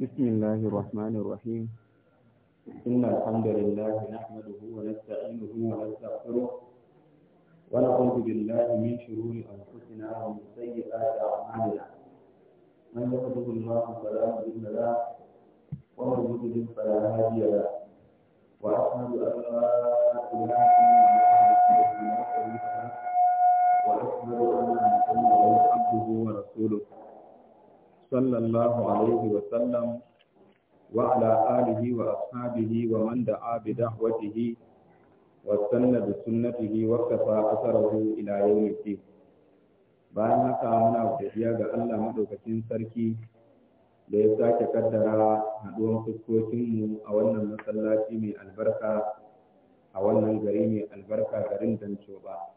بسم الله الرحمن الرحيم إن الحمد لله نحمده ونستعينه ونستغفره ونعوذ بالله من شرور أنفسنا ومن سيئات أعمالنا من يهده الله فلا مضل له ومن يضلل فلا هادي له وأشهد أن لا إله إلا الله وأشهد أن محمدا عبده ورسوله sallallahu alaihi wa sallam wa ala alihi wa ashabihi wa man da'a bi da'watihi wa sanna bi sunnatihi wa kafa asarahu ila yawmi din bayan haka muna godiya ga Allah madaukakin sarki da ya sake kaddara haɗuwar fuskokinmu a wannan masallaci mai albarka a wannan gari mai albarka garin Dancoba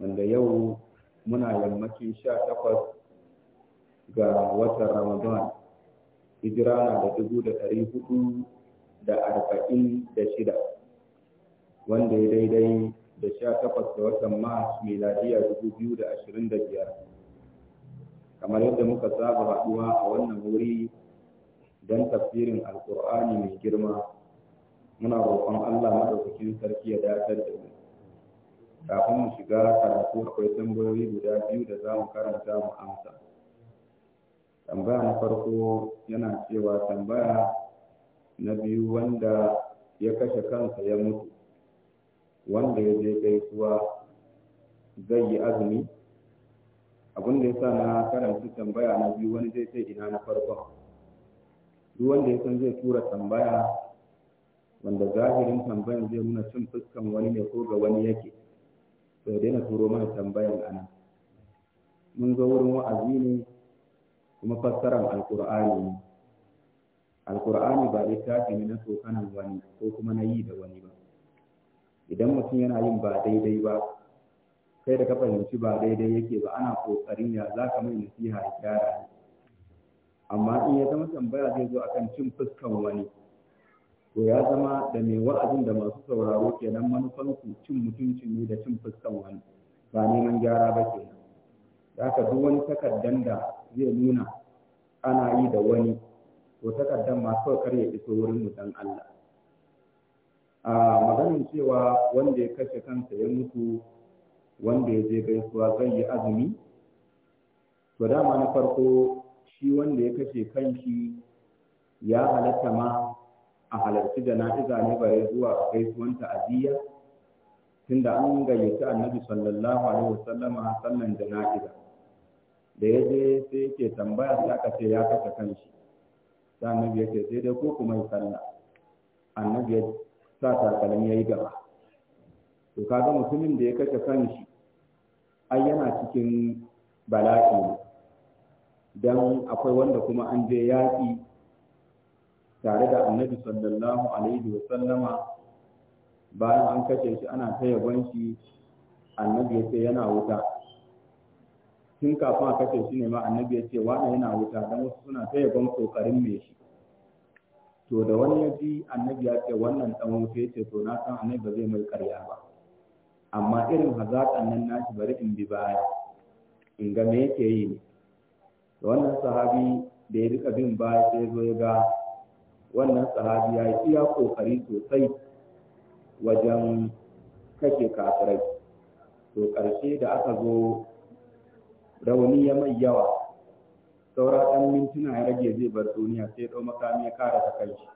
wanda yau muna yammacin sha takwas ga watan Ramadan hijira na da dubu da ɗari hudu da arba'in da shida wanda ya daidai da sha takwas da watan Mars miladiya dubu biyu da ashirin da biyar kamar yadda muka saba haɗuwa a wannan wuri don tafsirin Alƙur'ani mai girma muna roƙon Allah maɗaukakin sarki ya datar da mu kafin mu shiga karatu akwai tambayoyi guda biyu da za mu karanta mu amsa tambaya na farko yana cewa tambaya na biyu wanda ya kashe kansa ya mutu wanda ya je gaisuwa zai yi azumi abin da ya sa na karanta tambaya na biyu wani zai ce ina na farko? duk wanda ya san zai tura tambaya wanda zahirin tambayan zai nuna cin fuskan wani ne ko ga wani yake to ya daina turo mana tambayan ana mun zo wurin wa'azi ne kuma fassarar alkur'ani alkur'ani ba littafi ne na tsokanan wani ko kuma na yi da wani ba idan mutum yana yin ba daidai ba kai da ka fahimci ba daidai yake ba ana kokarin ya za ka mai nasiha ya gyara ne amma in ya zama tambaya zai zo akan cin fuskan wani to ya zama da mai wa'azin da masu sauraro kenan manufansu cin mutunci ne da cin fuskan wani ba neman gyara ba kenan haka duk wani takardan da zai nuna ana yi da wani to takardar ma kawai kar ya iso wurin mu Allah a maganin cewa wanda ya kashe kansa ya mutu wanda ya je gaisuwa zai yi azumi to dama na farko shi wanda ya kashe kanshi ya halatta ma a halarci jana'iza ne bare zuwa gaisuwan ta'aziyya tunda an gayyaci annabi sallallahu alaihi wasallama sallan jana'iza da ya je sai yake tambaya sai aka ce ya kashe kanshi sai annabi ya sai dai ko kuma yi sallah annabi ya sa takalin ya yi gaba to kaga mutumin da ya kashe kanshi ai yana cikin bala'i ne don akwai wanda kuma an je yaƙi tare da annabi sallallahu alaihi wa sallama bayan an kashe shi ana ta yabon shi annabi ya ce yana wuta tun kafin a kashe shi ne ma annabi ya ce wani yana wuta don wasu suna ta yabon kokarin mai shi to da wani ya ji annabi ya ce wannan dan wuta ya ce to na san annabi ba zai mai karya ba amma irin hazaƙan nan nashi bari in bi baya in ga me yake yi ne da wannan sahabi da ya rika bin baya sai ya zo ya ga wannan sahabi ya yi iya kokari sosai wajen kashe kafirai to ƙarshe da aka zo rauni ya mai yawa saura ɗan mintuna ya rage zai bar duniya sai ɗau makami ya kara ta kai shi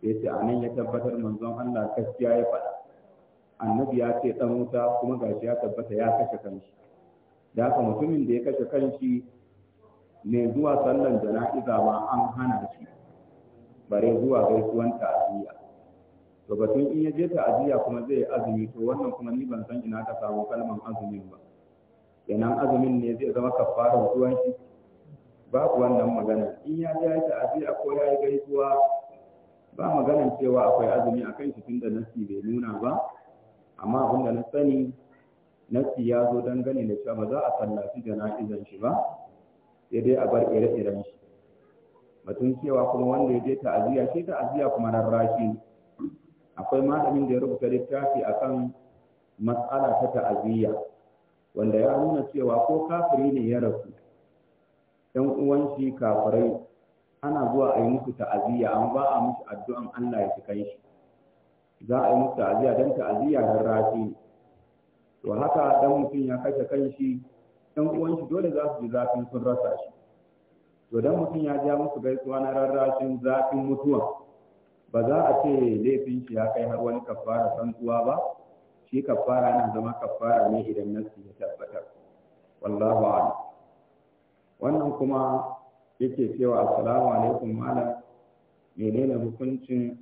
sai ce a nan ya tabbatar manzon Allah gaskiya ya faɗa annabi ya ce ɗan wuta kuma shi ya tabbata ya kashe kanshi da haka mutumin da ya kashe kanshi ne zuwa sallan jana'iza ba an hana shi bare zuwa gaisuwan ta'aziyya to batun in ya je ta'aziyya kuma zai yi azumi to wannan kuma ni ban san ina ka samu kalman azumin ba kenan azumin ne zai zama kafara zuwan shi babu wannan magana in ya ji ya ta'aziyya ko ya yi gaisuwa ba maganan cewa akwai azumi akan kan shi tunda nasi bai nuna ba amma abin da na sani nasi ya zo dangane da cewa ba za a sallaci jana'izan shi ba sai dai a bar ire-iren shi batun cewa kuma wanda ya je ta'aziyya shi ta'aziyya kuma rarrashi akwai malamin da ya rubuta littafi akan matsala ta ta'aziyya wanda ya nuna cewa ko kafiri ne ya rasu ɗan uwan shi kafirai ana zuwa a yi musu ta'aziyya amma ba a musu addu'an Allah ya cikai shi za a yi musu ta'aziyya don ta'aziyya don rafi to haka dan mutum ya kashe kanshi ɗan uwan dole za su ji zafin sun rasa shi to dan mutum ya ja musu gaisuwa na rarrashin zafin mutuwa ba za a ce laifin shi ya kai har wani kafara san tsuwa ba shi kafara nan zama kafara ne idan nasi ya tabbatar wallahu a'lam wannan kuma yake cewa assalamu alaikum malam menene hukuncin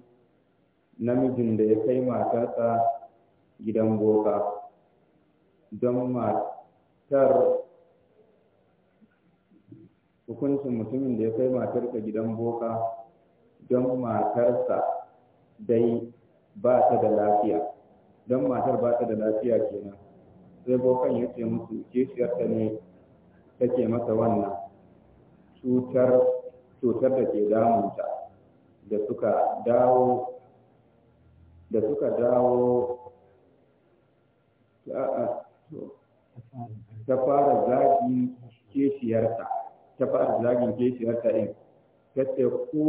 namijin da ya kai matarsa gidan boka don matar hukuncin mutumin da ya kai matarsa gidan boka don matarsa dai ba ta da lafiya don matar ba ta da lafiya kenan sai bokan ya ce musu ta ne take masa wannan cutar cutar da ke damunta da suka dawo da suka dawo ta fara zagin keshiyarta ta fara zagin keshiyarta ɗin ta ce ko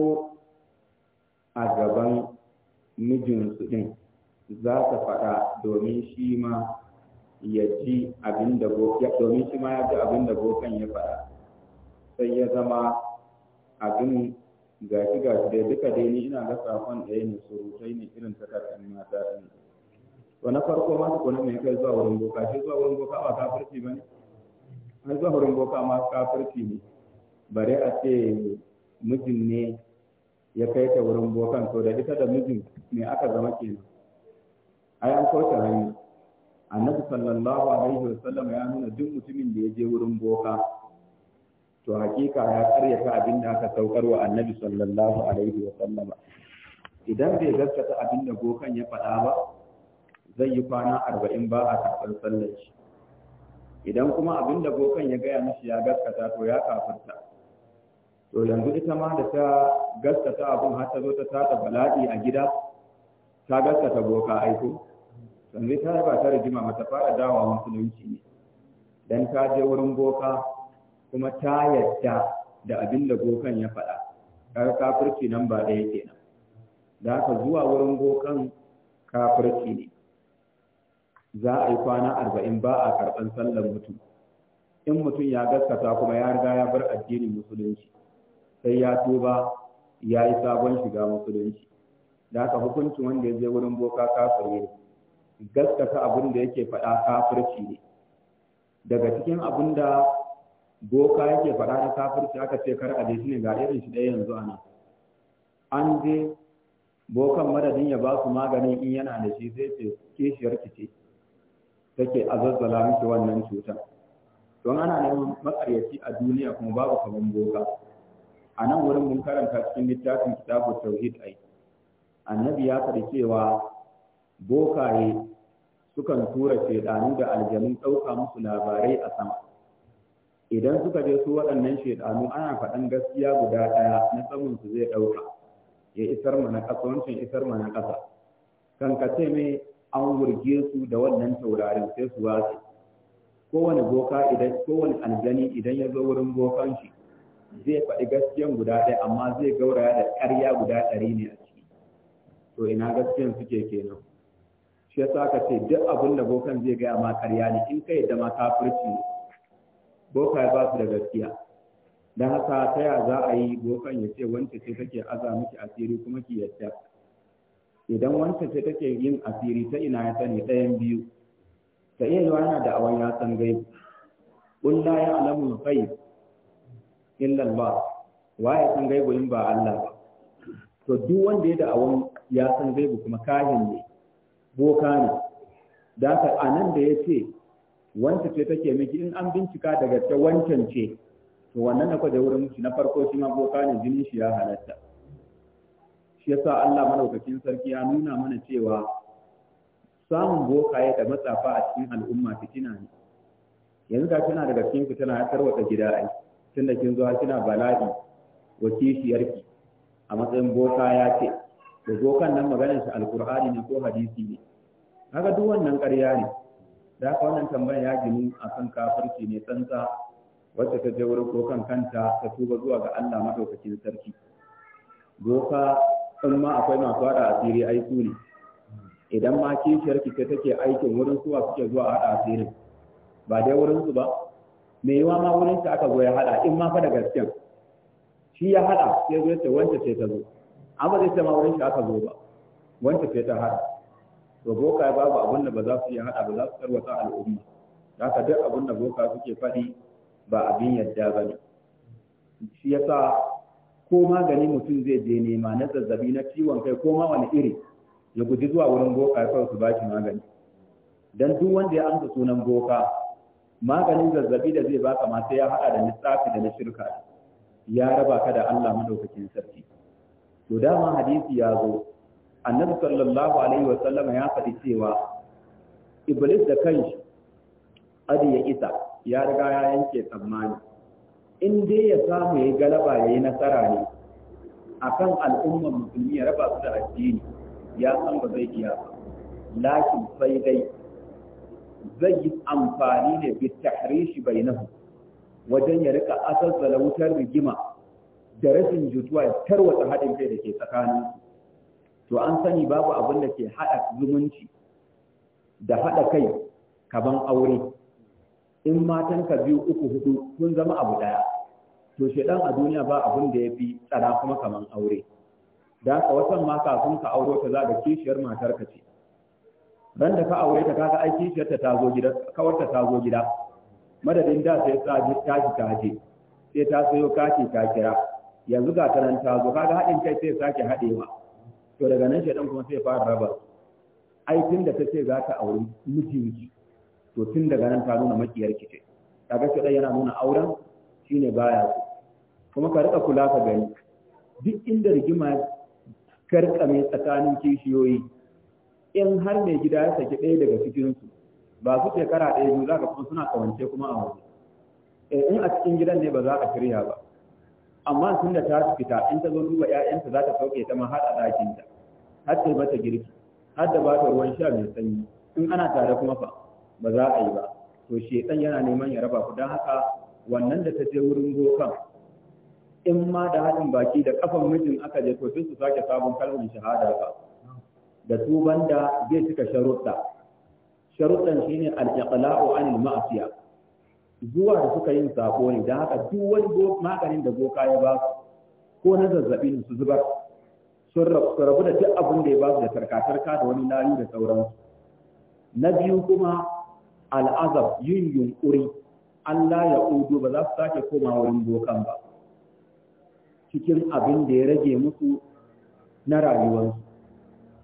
a gaban mijinsu ɗin za ta faɗa domin shi ma ya ji abin da domin shi ma ya ji abin da bokan ya faɗa sai ya zama abin gashi gashi dai duka dai ni ina ga safon ɗaya ne surutai ne irin takardar mata ɗin to na farko ma tukuna mai kai zuwa wurin boka shi zuwa wurin boka ba kafirci ba ne An zuwa wurin boka ma kafirci ne bare a ce mijin ne ya kai ta wurin bokan to da ita da mijin ne aka zama kenan ai an kauce hanyar, annabi sallallahu alaihi wasallam ya nuna duk mutumin da ya je wurin boka to hakika ya karyata abin da aka saukar wa annabi sallallahu alaihi wasallam idan bai gaskata abin da bokan ya faɗa ba zai yi kwana arba'in ba a karɓar sallar shi idan kuma abin da bokan ya gaya mishi ya gaskata to ya kafarta to yanzu ita ma da ta gaskata abin har ta zo ta tata bala'i a gida ta gaskata boka aiko yanzu ta ba ta rigima mata fara dawa musulunci ne dan ta je wurin boka kuma ta yadda da abin da bokan ya faɗa kar kafirci nan ba ɗaya nan. da ka zuwa wurin bokan kafirci ne za a yi kwana arba'in ba a karɓan sallar mutum in mutum ya gaskata kuma ya riga ya bar addinin musulunci sai ya tuba ya yi sabon shiga musulunci da haka hukunci wanda ya je wurin boka kafiri ne gaskata abin da yake faɗa kafirci ne daga cikin abin da boka yake faɗa na kafirci aka ce kar a shi ne ga irin shi ɗaya yanzu ana an je bokan madadin ya ba su maganin in yana da shi zai ce kishiyar ki ce take azazzala miki wannan cuta don ana neman makaryaci a duniya kuma babu kaman boka a nan wurin mun karanta cikin littafin kitabu tauhid ai annabi ya faɗi cewa bokaye sukan tura shaidanu da aljanu ɗauka musu labarai a sama idan suka je su waɗannan shaidanu ana faɗan gaskiya guda ɗaya na samun su zai ɗauka ya isar mana ƙasa wancan isar mana ƙasa kan ka ce mai an wurge su da wannan taurarin sai su wace. kowane boka idan kowane aljani idan ya zo wurin bokan shi zai faɗi gaskiyan guda ɗaya amma zai gauraya da ƙarya guda ɗari ne a ciki to ina gaskiyan suke kenan shi yasa aka ce duk abin da bokan zai gaya ma karya ne in kai da ma furci boka ba su da gaskiya dan haka ta ya za a yi bokan ya ce wancan ce take aza miki asiri kuma ki yadda idan wancan ce take yin asiri ta ina ya sani ɗayan biyu ta iya yiwa yana da awon ya san gai Ƙulla ya ya'lamu al-ghaib illa wa ya san gaibu in ba Allah ba to duk wanda ya da awon ya san gaibu kuma kahin ne boka ne da aka a nan da ya ce wancan ce take miki in an bincika daga ta wancan ce to wannan da kwaje wurin shi na farko shi ma boka ne jinin shi ya halatta shi yasa Allah madaukakin sarki ya nuna mana cewa samun bokaye da matsafa a cikin al'umma fitina ne yanzu ga kina daga cikin fitina ya tarwata gida ai tunda kin zo kina bala'i wa kishiyarki a matsayin boka ya ce da zo kan nan maganar shi alkur'ani ne ko hadisi ne haka duk wannan ƙarya ne da haka wannan tambayar ya gini a kan kafirci ne tsantsa wacce ta je wurin ko kan kanta ta tuba zuwa ga Allah madaukakin sarki doka in ma akwai masu haɗa asiri ai su ne idan ma kishiyar ki take aikin wurin suwa suke zuwa haɗa asirin ba dai wurin su ba me yawa ma wurin ta aka ya haɗa in ma fa da gaskiyan shi ya haɗa sai zo ya ce wanda sai ta zo amma zai ma wurin shi aka zo ba wanda sai ta hada to boka babu abin da ba za su iya hada ba za su tarwata al'umma ka duk abin da boka suke faɗi ba abin yadda ba ne shi yasa ko magani mutum zai je nema na zazzabi na ciwon kai ko ma wani iri ya guji zuwa wurin boka ya kawai su ba magani dan duk wanda ya amsa sunan boka maganin zazzabi da zai baka ma sai ya hada da lissafi da na shirka ya raba ka da Allah madaukakin sarki to dama hadisi ya zo annabi sallallahu alaihi sallama, ya faɗi cewa iblis da kanshi adi ya isa ya riga ya yanke tsammani in dai ya samu ya galaba ya yi nasara ne akan al'ummar musulmi ya raba su da addini ya san ba zai iya ba lakin sai dai zai yi amfani ne bi tahrishi bainahu wajen ya rika asazzala wutar rigima da rashin jituwa tarwatsa haɗin kai da ke tsakanin su to an sani babu abin da ke haɗa zumunci da haɗa kai kaban aure in matan ka biyu uku hudu kun zama abu ɗaya to shedan a duniya ba abin da ya fi tsara kuma kaman aure da ka watan ma kafin ka auro ta za da kishiyar matar ka ce ran da ka aure ta kaga ai kishiyar ta tazo gida kawarta ta zo gida madadin da sai ta ji ta ji ta je sai ta sayo kati ta kira yanzu ga ta nan ta zo kaga haɗin kai sai sake hadewa to daga nan shaidan kuma sai fara raba ai tun da ta ce za ta auri miji-miji. to tun daga nan ta nuna makiyar ki ce kaga shaidan yana nuna auren shine baya so kuma ka rika kula ka gani duk inda rigima karkame tsakanin kishiyoyi in har mai gida ya saki ɗaya daga su ba su shekara ɗaya biyu za ka kuma suna kawance kuma a wani eh, in a cikin gidan ne ba za ka shirya ba amma tun da ta fita in ta zo duba ƴaƴanta za ta sauke ta ma har a har ta bata girki har da bata ruwan sha mai sanyi in ana tare kuma fa ba za a yi ba to shedan yana neman ya raba ku dan haka wannan da ta je wurin bokan in ma da haɗin baki da kafan mijin aka je to sai su sake sabon kalmar shahada ka da tuban da zai cika sharuɗa sharuɗan shine al-iqla'u anil ma'siyah zuwa da suka yin sako ne don haka duk wani maganin da boka ya ba su ko na zazzabin su zubar sun rabu da duk abin da ya ba su da tarka-tarka da wani layu da sauransu na biyu kuma al'azab yin yunkuri Allah ya udu ba za su sake koma wurin bokan ba cikin abin da ya rage musu na rayuwarsu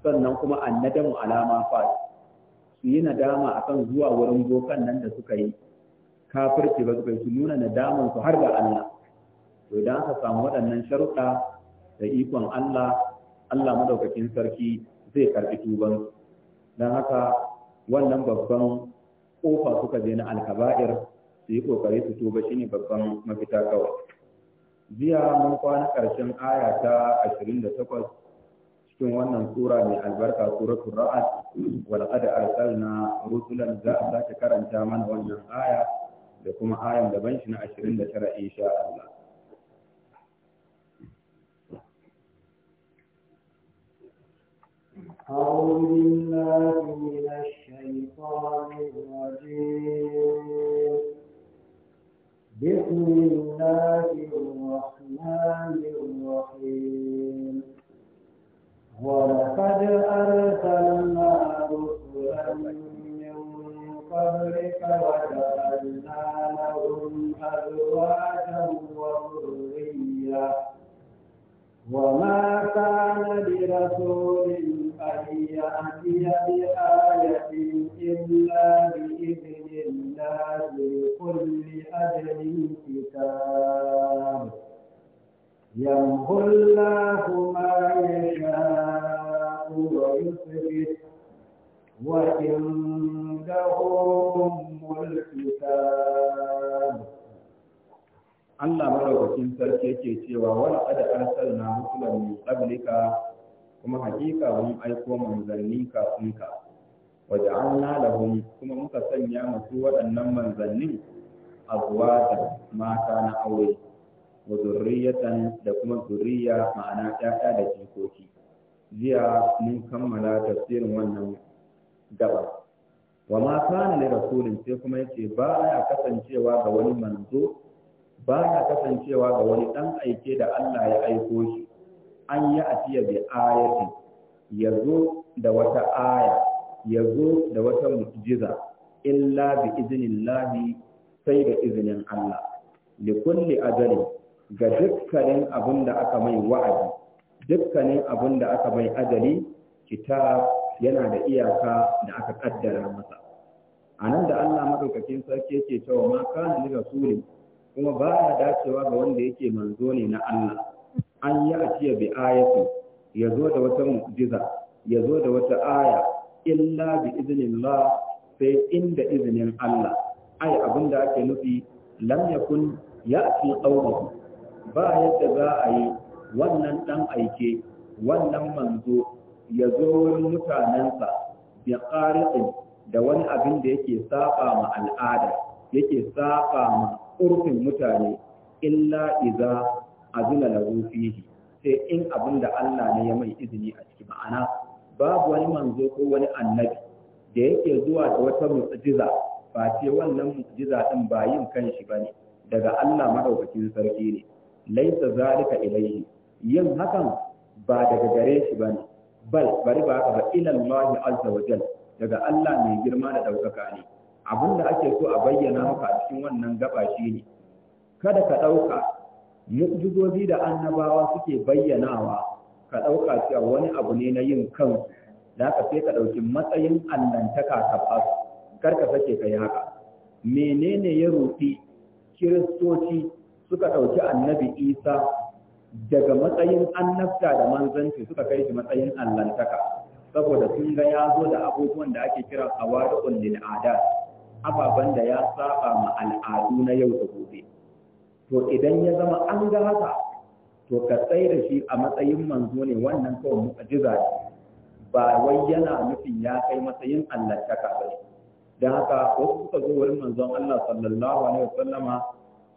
sannan kuma annadamu alama fa su yi nadama akan zuwa wurin bokan nan da suka yi kafirci ba suka yi su nuna nadaman su har ga Allah to idan aka samu waɗannan sharuɗa da ikon Allah Allah madaukakin sarki zai karɓi tuban dan haka wannan babban kofa suka je na alkaba'ir su yi kokari su tuba shine babban mafita kawai jiya mun kwana karshen aya ta 28 cikin wannan sura mai albarka suratul ra'd wal qad arsalna rusulan za a sake karanta mana wannan aya da kuma ayan daban shi na 29 insha Allah أعوذ بالله من الشيطان الرجيم بسم الله الرحمن الرحيم ولقد أرسلنا رسلا قبلك وجعلنا لهم أزواجا وذرية وما كان لرسول أن يأتي بآية إلا بإذن الله لكل أجل كتاب يمحو الله ما يشاء ويثبت وإن Allah madaukakin sarki yake cewa wani ada na musulun mai qablika kuma hakika mun aiko manzanni kafin ka an lahum kuma muka sanya masu waɗannan manzannin da mata na aure wa zurriyatan da kuma zurriya ma'ana ƴaƴa da jikoki jiya mun kammala tafsirin wannan gaba wa ma kana li rasulin sai kuma yace ba ya kasancewa ga wani manzo ba ya kasancewa ga wani dan aike da Allah ya aiko shi an yi atiya bi ayati yazo da wata aya yazo da wata mu'jiza illa bi idnillahi sai da izinin Allah li kulli ajali ga dukkanin abin da aka mai wa'adi dukkanin abin da aka mai ajali kitab yana da iyaka da aka kaddara masa a nan da Allah madaukakin sarki yake cewa ma kana ni rasuli kuma ba ya dacewa ga wanda yake manzo ne na Allah an yi ajiya bi ayati ya zo da wata mu'jiza ya zo da wata aya illa bi iznillah sai inda izinin Allah ai abin da ake nufi lam yakun ya'ti qawluhu ba yadda za a yi wannan dan aike wannan manzo ya zo wurin mutanensa bi qari'in da wani abin da yake saba ma al'ada yake saba ma urfin mutane illa iza azina lahu fihi sai in abin da Allah ne ya mai izini a ciki ma'ana babu wani manzo ko wani annabi da yake zuwa da wata mu'jiza ba ce wannan mu'jiza din ba yin kanshi bane daga Allah madaukakin sarki ne laisa zalika ilayhi yin hakan ba daga gare shi bane bal bari ba haka ba ila Allah azza wa daga Allah mai girma da ɗaukaka ne abin da ake so a bayyana maka a cikin wannan gaba shi ne kada ka ɗauka mu'jizozi da annabawa suke bayyanawa ka ɗauka cewa wani abu ne na yin kansu da ka sai ka ɗauki matsayin allantaka ka fasu kar ka sake ka haka menene ya rufi kiristoci suka ɗauki annabi isa daga matsayin annabta da manzanci suka kai shi matsayin allantaka saboda sun ga ya zo da abubuwan da ake kira kawari'un lil adat ababen da ya saba ma al'adu na yau da gobe to idan ya zama an ga haka to ka tsaye da shi a matsayin manzo ne wannan kawai mu'ajiza ne ba wai yana nufin ya kai matsayin allantaka ba Da haka wasu suka zo wurin manzon Allah sallallahu alaihi wasallama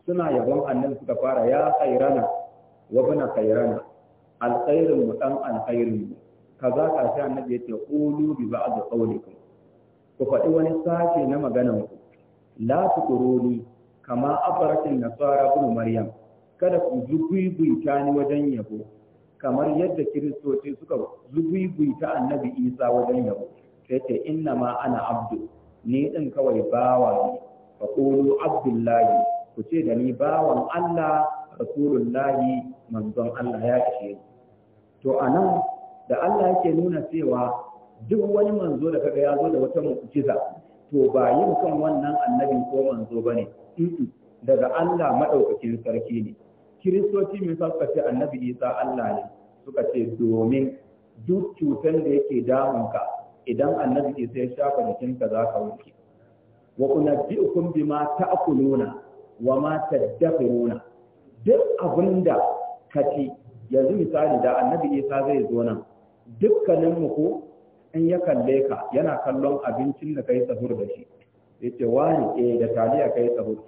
suna yabon annabi suka fara ya khairana wa bana khairana alkhairin mu mu kaza ka sai annabi ya ce qulu bi ba'd qawlikum ku faɗi wani sashe na maganan ku la tuquruni kama afaratin nasara ibn maryam kada ku zububuita ni wajen yabo kamar yadda kiristoci suka ta annabi isa wajen yabo sai ce inna ma ana abdu ni din kawai bawa ne fa qulu abdullahi ku ce da ni bawan Allah rasulullahi manzon Allah ya ishe to anan da Allah yake nuna cewa duk wani manzo da kaga ya zo da wata mu'jiza to ba yin kan wannan annabi ko manzo bane daga Allah madaukakin sarki ne kiristoci mai saka ce annabi Isa Allah ne suka ce domin duk cutan da yake damunka idan annabi Isa ya shafa ka za ka wuce wa unabbi'ukum bima ta'kuluna wa ma tadabbiruna duk abinda kaci yanzu misali da annabi Isa zai zo nan dukkaninmu ko in ya kalle ka yana kallon abincin da kai sahur da shi yace wani eh da taliya kai sahur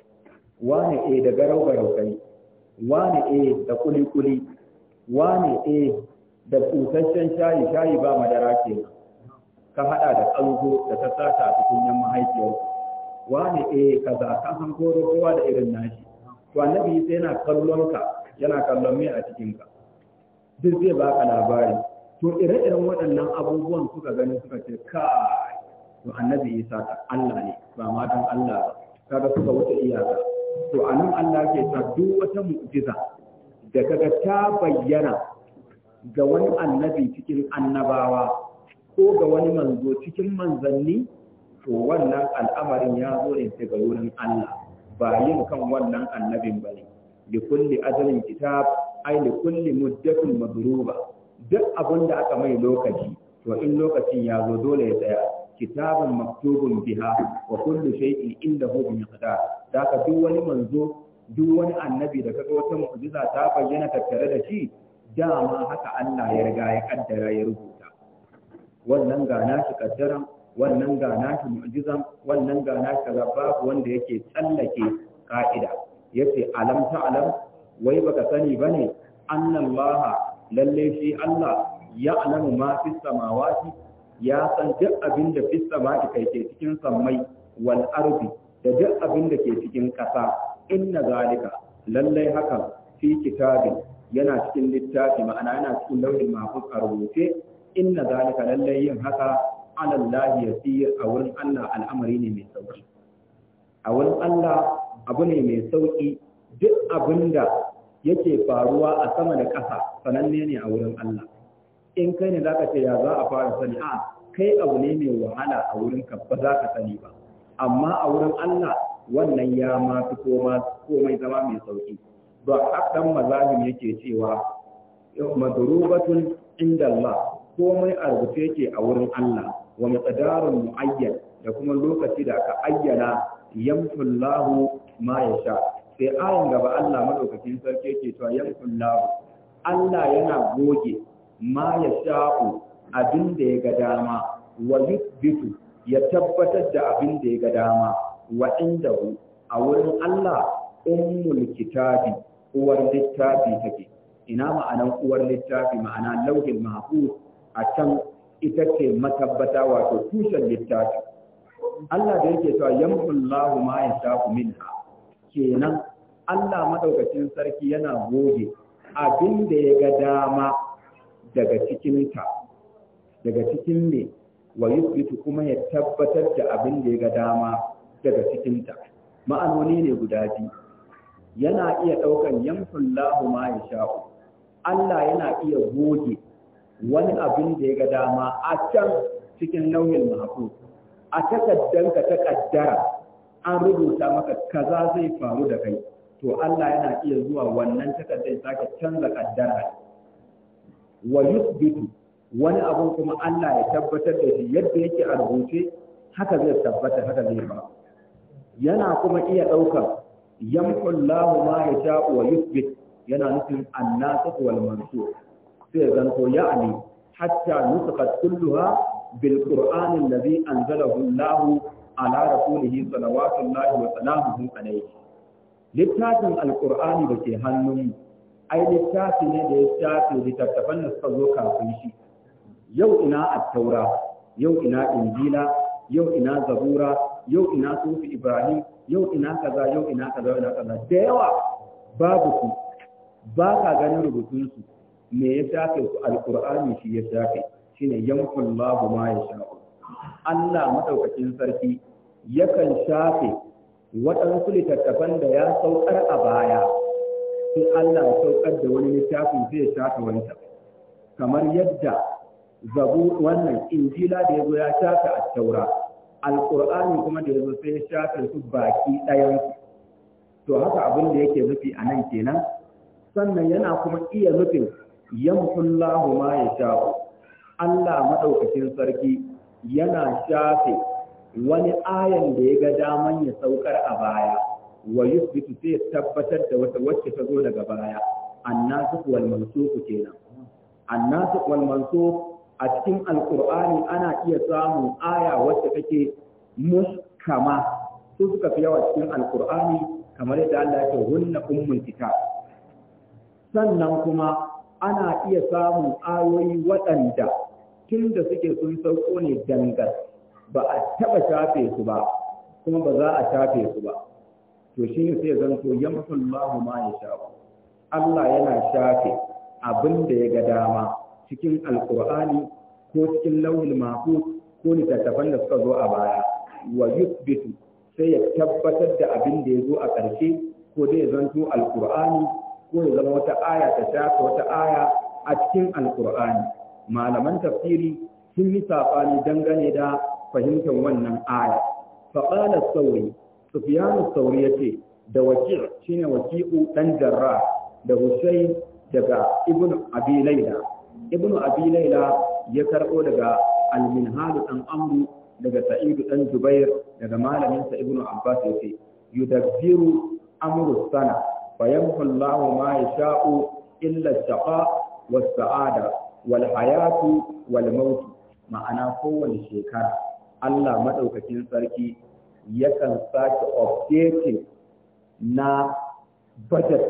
wani eh da garau garau kai wani eh da kuli kuli wani eh da tsusasshen shayi shayi ba madara ke ka hada da tsango da ta sata a cikin mahaifiyar wani eh kaza ka san koro kowa da irin nashi to annabi sai yana kallon ka yana kallon me a cikin ka duk zai baka labari to ire-iren waɗannan abubuwan suka gani suka ce kai to annabi isa ta Allah ne ba ma dan Allah ba kaga suka wuce iyaka to anan Allah ke ta duk wata mu'jiza da kaga ta bayyana ga wani annabi cikin annabawa ko ga wani manzo cikin manzanni to wannan al'amarin ya zo ne daga wurin Allah ba yin kan wannan annabin bane li kulli ajalin kitab ay li kulli muddatin madruba duk abin da aka mai lokaci to in lokacin ya zo dole ya tsaya kitabun maktubun biha wa kullu shay'in indahu bi miqdar da ka duk wani manzo duk wani annabi da kaga wata mu'jiza ta bayyana tattare da shi dama haka Allah ya riga ya kaddara ya rubuta wannan ga nashi kaddaran wannan ga nashi mu'jizan wannan ga nashi kaza babu wanda yake tsallake ka'ida yace alam ta alam wai baka sani bane annallaha lalle shi Allah ya alamu ma fi samawati ya san duk abin da fi samawati kai ke cikin sammai wal ardi da duk abin da ke cikin ƙasa inna zalika lalle hakan fi kitabin yana cikin littafi ma'ana yana cikin launin mahfuz a rubuce inna zalika lalle yin haka alallahi yasir a wurin Allah al'amari ne mai sauki a wurin Allah abu ne mai sauki duk abin yake faruwa a sama da ƙasa sananne ne a wurin Allah in kai ne zaka ce ya za a fara sani a kai abu ne mai wahala a wurin ka ba za ka sani ba amma a wurin Allah wannan ya ma fi komai zama mai sauki ba haɗan mazahim yake cewa madrubatun inda Allah komai a rubuce yake a wurin Allah wa miqdarun muayyan da kuma lokaci da aka ayyana yamfullahu ma yasha sai ayan gaba Allah madaukakin sarki yake cewa yankun lahu Allah yana goge ma ya sha'u abin da ya ga dama wa yuthbitu ya tabbatar da abin da ya ga dama wa hu a wurin Allah ummul kitabi uwar littafi take ina ma'anan uwar littafi ma'ana lauhin mahfuz a can ita ce matabbata wato tushen littafi Allah da yake cewa lahu ma yashaku minha kenan Allah madaukakin sarki yana goge abin da ya ga dama daga cikinta daga cikin ne wa kuma ya tabbatar da abin da ya ga dama daga cikinta ma'anoni ne guda biyu yana iya ɗaukan yamsullahu ma ya sha'u Allah yana iya goge wani abin da ya ga dama a can cikin nauyin mahaifu a takaddanka ta kaddara an rubuta maka kaza zai faru da kai to Allah yana iya zuwa wannan takardar sake canza kaddara wa yuthbitu wani abun kuma Allah ya tabbatar da shi yadda yake a rubuce haka zai tabbata haka zai ba yana kuma iya ɗaukar yamhul lahu ma yasha wa yuthbit yana nufin annasu wal mansur sai zanto ya ali hatta nusqat kulluha bil qur'an alladhi anzalahu Allah ala rasulihi salawatullahi wa salamuhu alayhi littafin alqur'ani da ke hannun ai littafi ne da ya shafe littattafan da suka zo kafin shi yau ina attaura yau ina injila yau ina zabura yau ina sufi ibrahim yau ina kaza yau ina kaza yau ina kaza da yawa babu su ba ka ganin rubutun su me ya shafe su alqur'ani shi ya shafe shine yankun ma ya shafe Allah madaukakin sarki yakan shafe waɗansu littattafan da ya saukar a baya in Allah ya saukar da wani littafin zai shafe wanta kamar yadda zabu wannan injila da ya zo ya shafe a taura alƙur'ani kuma da ya sai ya shafe su baki ɗayan to haka abin da yake nufi a nan kenan sannan yana kuma iya nufin yamhullahu ma ya shafe. Allah maɗaukakin sarki yana shafe wani ayan da ya ga daman ya saukar a baya wa yusbitu sai tabbatar da wata wacce ta zo daga baya annasu wal mansuf kenan annasu wal mansuf a cikin alqur'ani ana iya samun aya wacce take muskama su suka fi yawa cikin alqur'ani kamar yadda Allah ya ce hunna ummul kitab sannan kuma ana iya samun ayoyi waɗanda tun da suke sun sauko ne dangar ba a taɓa shafe su ba kuma ba za a shafe su ba to shi ne sai zanto yamsun lahu ma ya ba. Allah yana shafe abin da ya ga dama cikin alkur'ani ko cikin lauhul mahfuz ko littattafan da suka zo a baya wa yuthbitu sai ya tabbatar da abin da ya zo a ƙarshe ko dai ya zanto alkur'ani ko ya zama wata aya ta shafe wata aya a cikin alkur'ani malaman tafsiri sun yi saɓani dangane da fahimtar wannan aya faƙalar sauri sufiyanu sauri ya ce da wakil shine waki'u ɗan jarra da husain daga ibn abi laila ibn abi laila ya karɓo daga alminhalu ɗan amru daga sa'idu ɗan zubair daga malaminsa ibn abbas ya ce yudabbiru amru sana Bayan allahu ma yasha'u illa shaƙa wa sa'ada wal hayatu wal mautu ma'ana kowane shekara Allah maɗaukakin sarki yakan sake updating na budget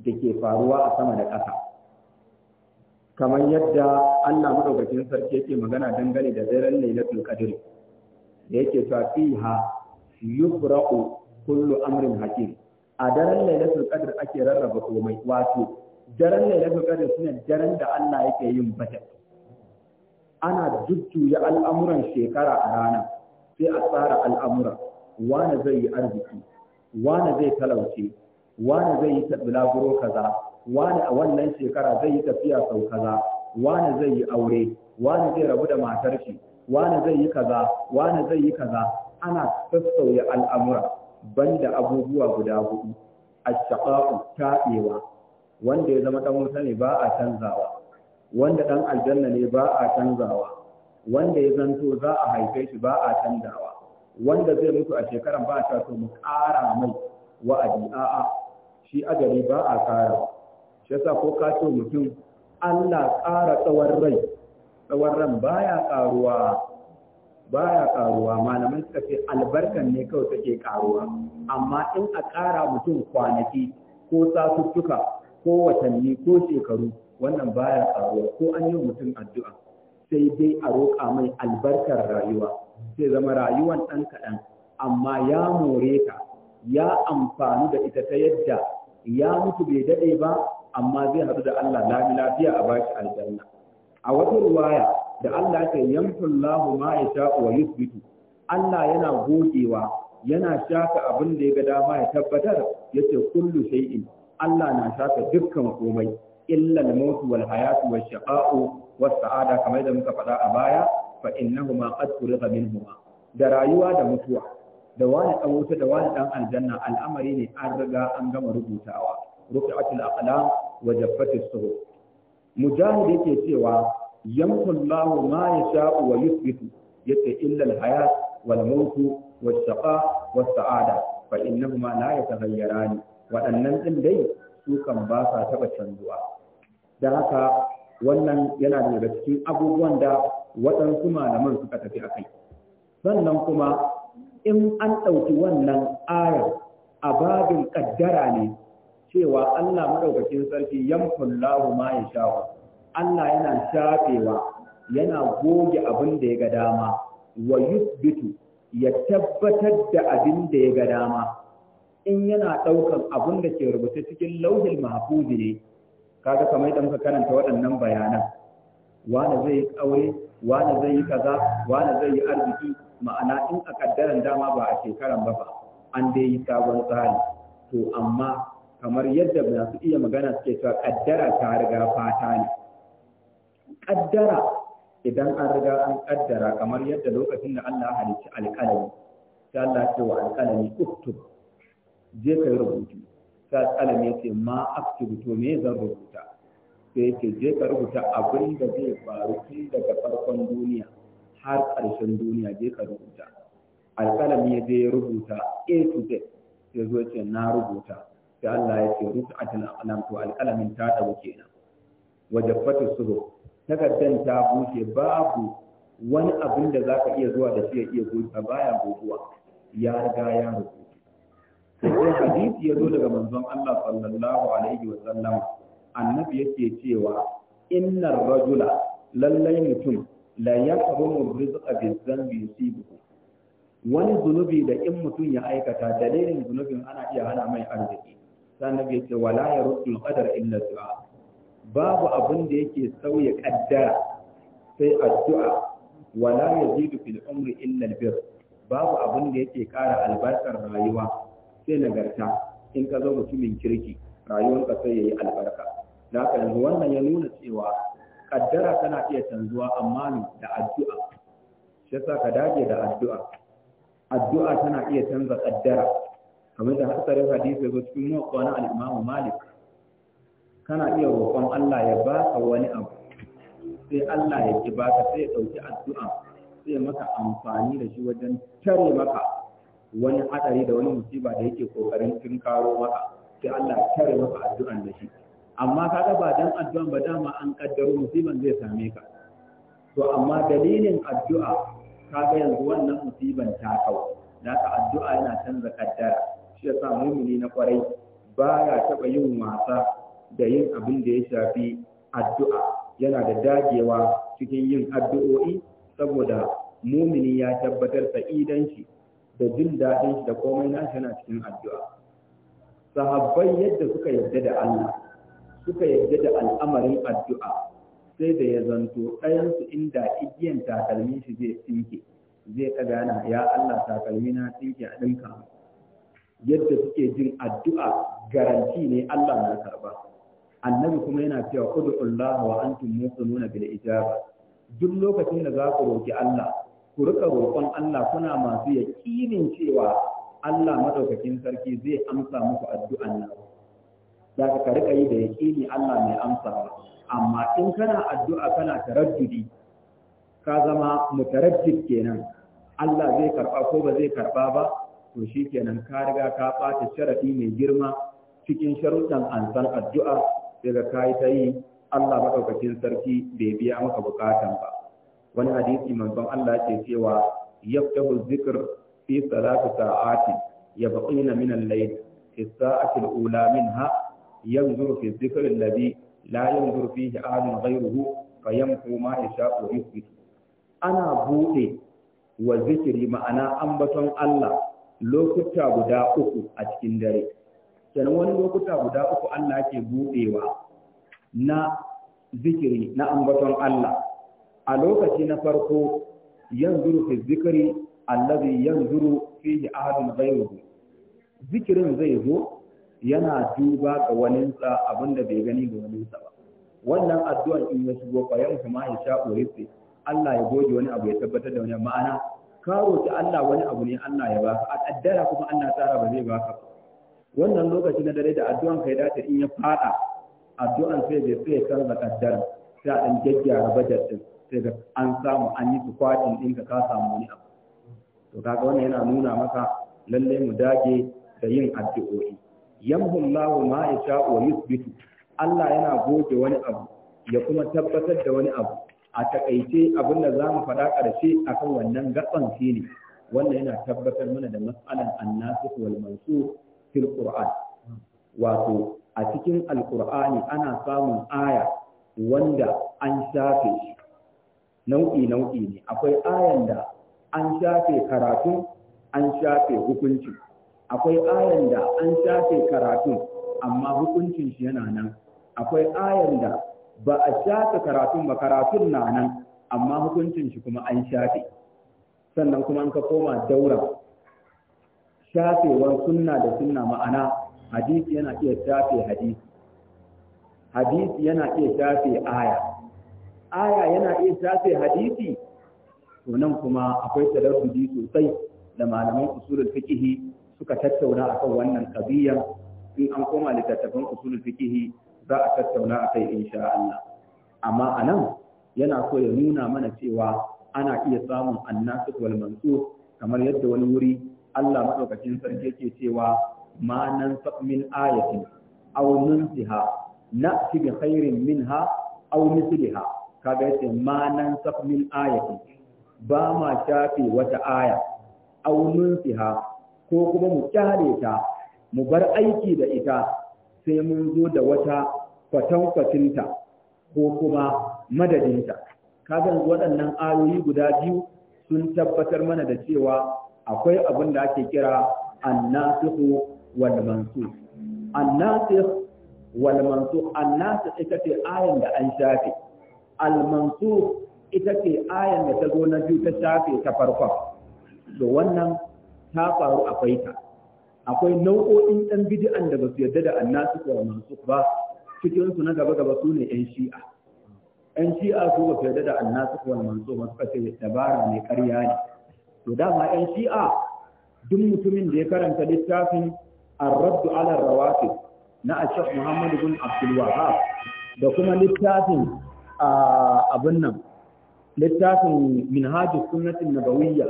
da ke faruwa a sama da ƙasa kamar yadda Allah maɗaukakin sarki yake magana dangane da daren lailatul qadr da yake cewa fiha Yubra'u kullu amrin hakim a daren lailatul qadr ake rarraba komai wato daren lailatul qadr shine daren da Allah yake yin budget ana jujjuya al'amuran shekara a rana sai a tsara al'amura wane zai yi arziki wane zai talauce wane zai yi bulaguro kaza wane a wannan shekara zai yi tafiya sau kaza wane zai yi aure wane zai rabu da matar shi wane zai yi kaza wane zai yi kaza ana sassauya al'amura banda abubuwa guda hudu a taɓewa wanda ya zama ɗan wuta ne ba a canzawa wanda ɗan aljanna ne ba a canzawa wanda ya zanto za a haife shi ba a canzawa wanda zai mutu a shekarar ba ta so mu ƙara mai wa'adi a'a shi ajali ba a ƙara shi yasa ko ka ce mutum Allah ƙara tsawon rai tsawon ran baya ƙaruwa baya ƙaruwa malaman suka ce albarkan ne kawai take ƙaruwa amma in a ƙara mutum kwanaki ko satuttuka ko watanni ko shekaru wannan baya faruwa ko an yi mutum addu'a sai dai a roƙa mai albarkar rayuwa sai zama rayuwan ɗan kaɗan amma ya more ta ya amfani da ita ta yadda ya mutu bai daɗe ba amma zai haɗu da Allah lami lafiya a bashi aljanna a wata ruwaya da Allah ke yamfan ma ya sha wa yusbitu Allah yana gogewa yana shafa abin da ya ga dama ya tabbatar yace kullu shay'in Allah na shafa dukkan komai illa al-maut wal hayat wal shaqa'u was sa'ada kamar da muka faɗa a baya fa innahuma qad furiga minhuma da rayuwa da mutuwa da wani dan wuta da wani dan aljanna al'amari ne an riga an gama rubutawa rufi'atul aqlam wa jaffatus suhuf mujahid yake cewa yankun Allahu ma yasha'u wa yuthbitu yace illa al-hayat wal maut wal shaqa was sa'ada fa innahuma la waɗannan ɗin dai su kan ba sa taɓa canzuwa Da haka wannan yana daga cikin abubuwan da waɗansu malaman suka tafi a kai sannan kuma in an ɗauki wannan ayar a babin ƙaddara ne cewa Allah maɗaukakin sarki yankun lahu ma ya shafa, Allah yana shafewa yana goge abin da ya ga dama wa yusbitu ya tabbatar da abin da ya ga dama in yana ɗaukan abin da ke rubuta cikin lauhin mahfuzi ne kaga kamar da muka karanta waɗannan bayanan wani zai yi aure wani zai yi kaza wani zai yi arziki ma'ana in a kaddaran dama ba a shekaran ba ba an dai yi sabon tsari to amma kamar yadda su iya magana suke cewa kaddara ta riga fata ne kaddara idan an riga an kaddara kamar yadda lokacin da Allah halicci alƙalami sai Allah ce wa alƙalami uktub je kai rubutu sai alƙalami ya ce ma aktubu to me zan rubuta sai ya ce je ka rubuta abin da zai faru tun daga farkon duniya har karshen duniya je ka rubuta alƙalam ya je ya rubuta a to z sai zo ce na rubuta sai Allah ya ce rubuta atin alam to alƙalamin ta dawo kenan fata suhu takaddan ta bushe babu wani abin da zaka iya zuwa da shi ya iya ba baya guguwa ya riga ya rubuta sai hadisi ya zo daga manzon Allah sallallahu alaihi wa sallam annabi yake cewa innar rajula lallai mutum la yaqrumu rizqa bi dhanbi yusibuhu wani zunubi da in mutum ya aikata dalilin zunubin ana iya hana mai arziki sai annabi yake wala yaruddul qadar illa du'a babu abin da yake sauya kaddara sai addu'a wala yazidu fil umri illa albir babu abin da yake kara albarkar rayuwa sai nagarta in ka zo mutumin kirki rayuwarka sai yayi albarka da haka yanzu wannan ya nuna cewa kaddara tana iya canzuwa amma da addu'a shi yasa ka dage da addu'a addu'a tana iya canza kaddara kamar da hasarin hadisi ya zo cikin muwaqqan al-Imam Malik kana iya roƙon Allah ya baka wani abu sai Allah ya ki baka sai ya dauki addu'a sai maka amfani da shi wajen tare maka wani hadari da wani musiba da yake kokarin karo maka sai Allah ya maka addu'an da shi amma kaga ba dan addu'an ba dama an kaddaro musiban zai same ka to amma dalilin addu'a kaga yanzu wannan musiban ta kawo. da ka addu'a yana canza kaddara shi yasa mumini na kwarai ba ya taba yin wasa da yin abin da ya shafi addu'a yana da dagewa cikin yin addu'o'i saboda mumini ya tabbatar idan shi da jin daɗin shi da komai nashi yana cikin addu'a sahabbai yadda suka yarda da Allah suka yarda da al'amarin addu'a sai da ya zanto ɗayansu inda igiyan takalmin shi zai tsinke zai ɗaga ya Allah takalmi na tsinke a ɗinka yadda suke jin addu'a garanti ne Allah na karba annabi kuma yana cewa kudu Allah wa antum muqinuna bil ijaba duk lokacin da za ku roki Allah ku rika roƙon Allah kuna masu yaƙinin cewa Allah madaukakin sarki zai amsa muku addu'an nan Da ka rika yi da yaƙini Allah mai amsa amma in kana addu'a kana taraddudi ka zama mutaraddid kenan Allah zai karɓa ko ba zai karɓa ba to shi kenan ka riga ka ɓata carafi mai girma cikin sharuɗan ansan addu'a daga ka yi ta yi Allah maɗaukakin sarki bai biya maka bukatan ba wani hadisi manzon Allah ke cewa yaftahu zikr fi salati sa'ati yabqina min al-layl fi sa'ati al-ula minha yanzuru fi dhikr alladhi la yanzuru fihi ahadun ghayruhu fayamhu ma yasha'u yuthbit ana bude wa zikiri ma'ana ambaton Allah lokuta guda uku a cikin dare sannan wani lokuta guda uku Allah ke budewa na zikiri na ambaton Allah a lokaci na farko yanzuru fi zikri allazi yanzuru fihi ahadun ghayruhu zikirin zai zo yana duba ga waninsa abinda bai gani ga waninsa ba wannan addu'an in ya shigo fa yan kuma ya sha urisi Allah ya goge wani abu ya tabbatar da wani ma'ana ka roki Allah wani abu ne Allah ya baka a kaddara kuma Allah tsara ba zai baka wannan lokaci na dare da addu'an kai dace in ya fada addu'an sai bai tsaya kan kaddara sai a dan gaggyara bajet din sai ga an samu an yi tukwatin ɗinka ka samu wani abu to kaga wannan yana nuna maka lalle mu dage da yin addu'o'i yamhu Allahu ma yasha wa yuthbitu Allah yana goge wani abu ya kuma tabbatar da wani abu a takaice abin da zamu faɗa ƙarshe akan wannan gaban shine wannan yana tabbatar mana da mas'alan annasikh wal mansukh fil qur'an wato a cikin alqur'ani ana samun aya wanda an shafe shi nau'i nau'i ne akwai ayan da an shafe karatu an shafe hukuncin akwai ayan da an shafe karatu amma hukuncin shi yana nan akwai ayan da ba a shafe karatun ba karatun na nan amma hukuncin shi kuma an shafe sannan kuma an ka koma daura shafewar sunna da sunna ma'ana hadisi yana iya shafe hadisi hadisi yana iya shafe aya aya yana iya shafe hadisi to nan kuma akwai tadabbudi sosai da malaman usulul fiqh suka tattauna akan wannan qadiyya in an koma littattafan usulul fiqh za a tattauna akai insha Allah amma anan yana so ya nuna mana cewa ana iya samun annasu wal mansur kamar yadda wani wuri Allah madaukakin sarki yake cewa ma nan min ayatin aw nunsiha na bi khairin minha aw mithliha kaga yace ma nan saf min ayati ba ma shafe wata aya aw nunsiha ko kuma mu kyale ta mu bar aiki da ita sai mun zo da wata kwatankwacinta ko kuma madadinta kaga waɗannan ayoyi guda biyu sun tabbatar mana da cewa akwai abin da ake kira annasihu wal mansukh annasikh wal mansukh annasikh ita ce ayan da an shafe almansu ita ce ayan da ta zo na biyu ta shafe ta farkon to wannan ta faru akwai ta akwai nau'o'in ɗan bid'an da ba su yarda da annasu ko mansu ba cikin su na gaba gaba su ne yan shi'a yan shi'a su ba su yarda da annasu ko mansu ba suka ce dabara ne ƙarya ne to dama yan shi'a duk mutumin da ya karanta littafin ala ar الروافد na Ashaf Muhammad bin Abdul Wahhab da kuma littafin abin nan littafin minhajus sunnatin nabawiyya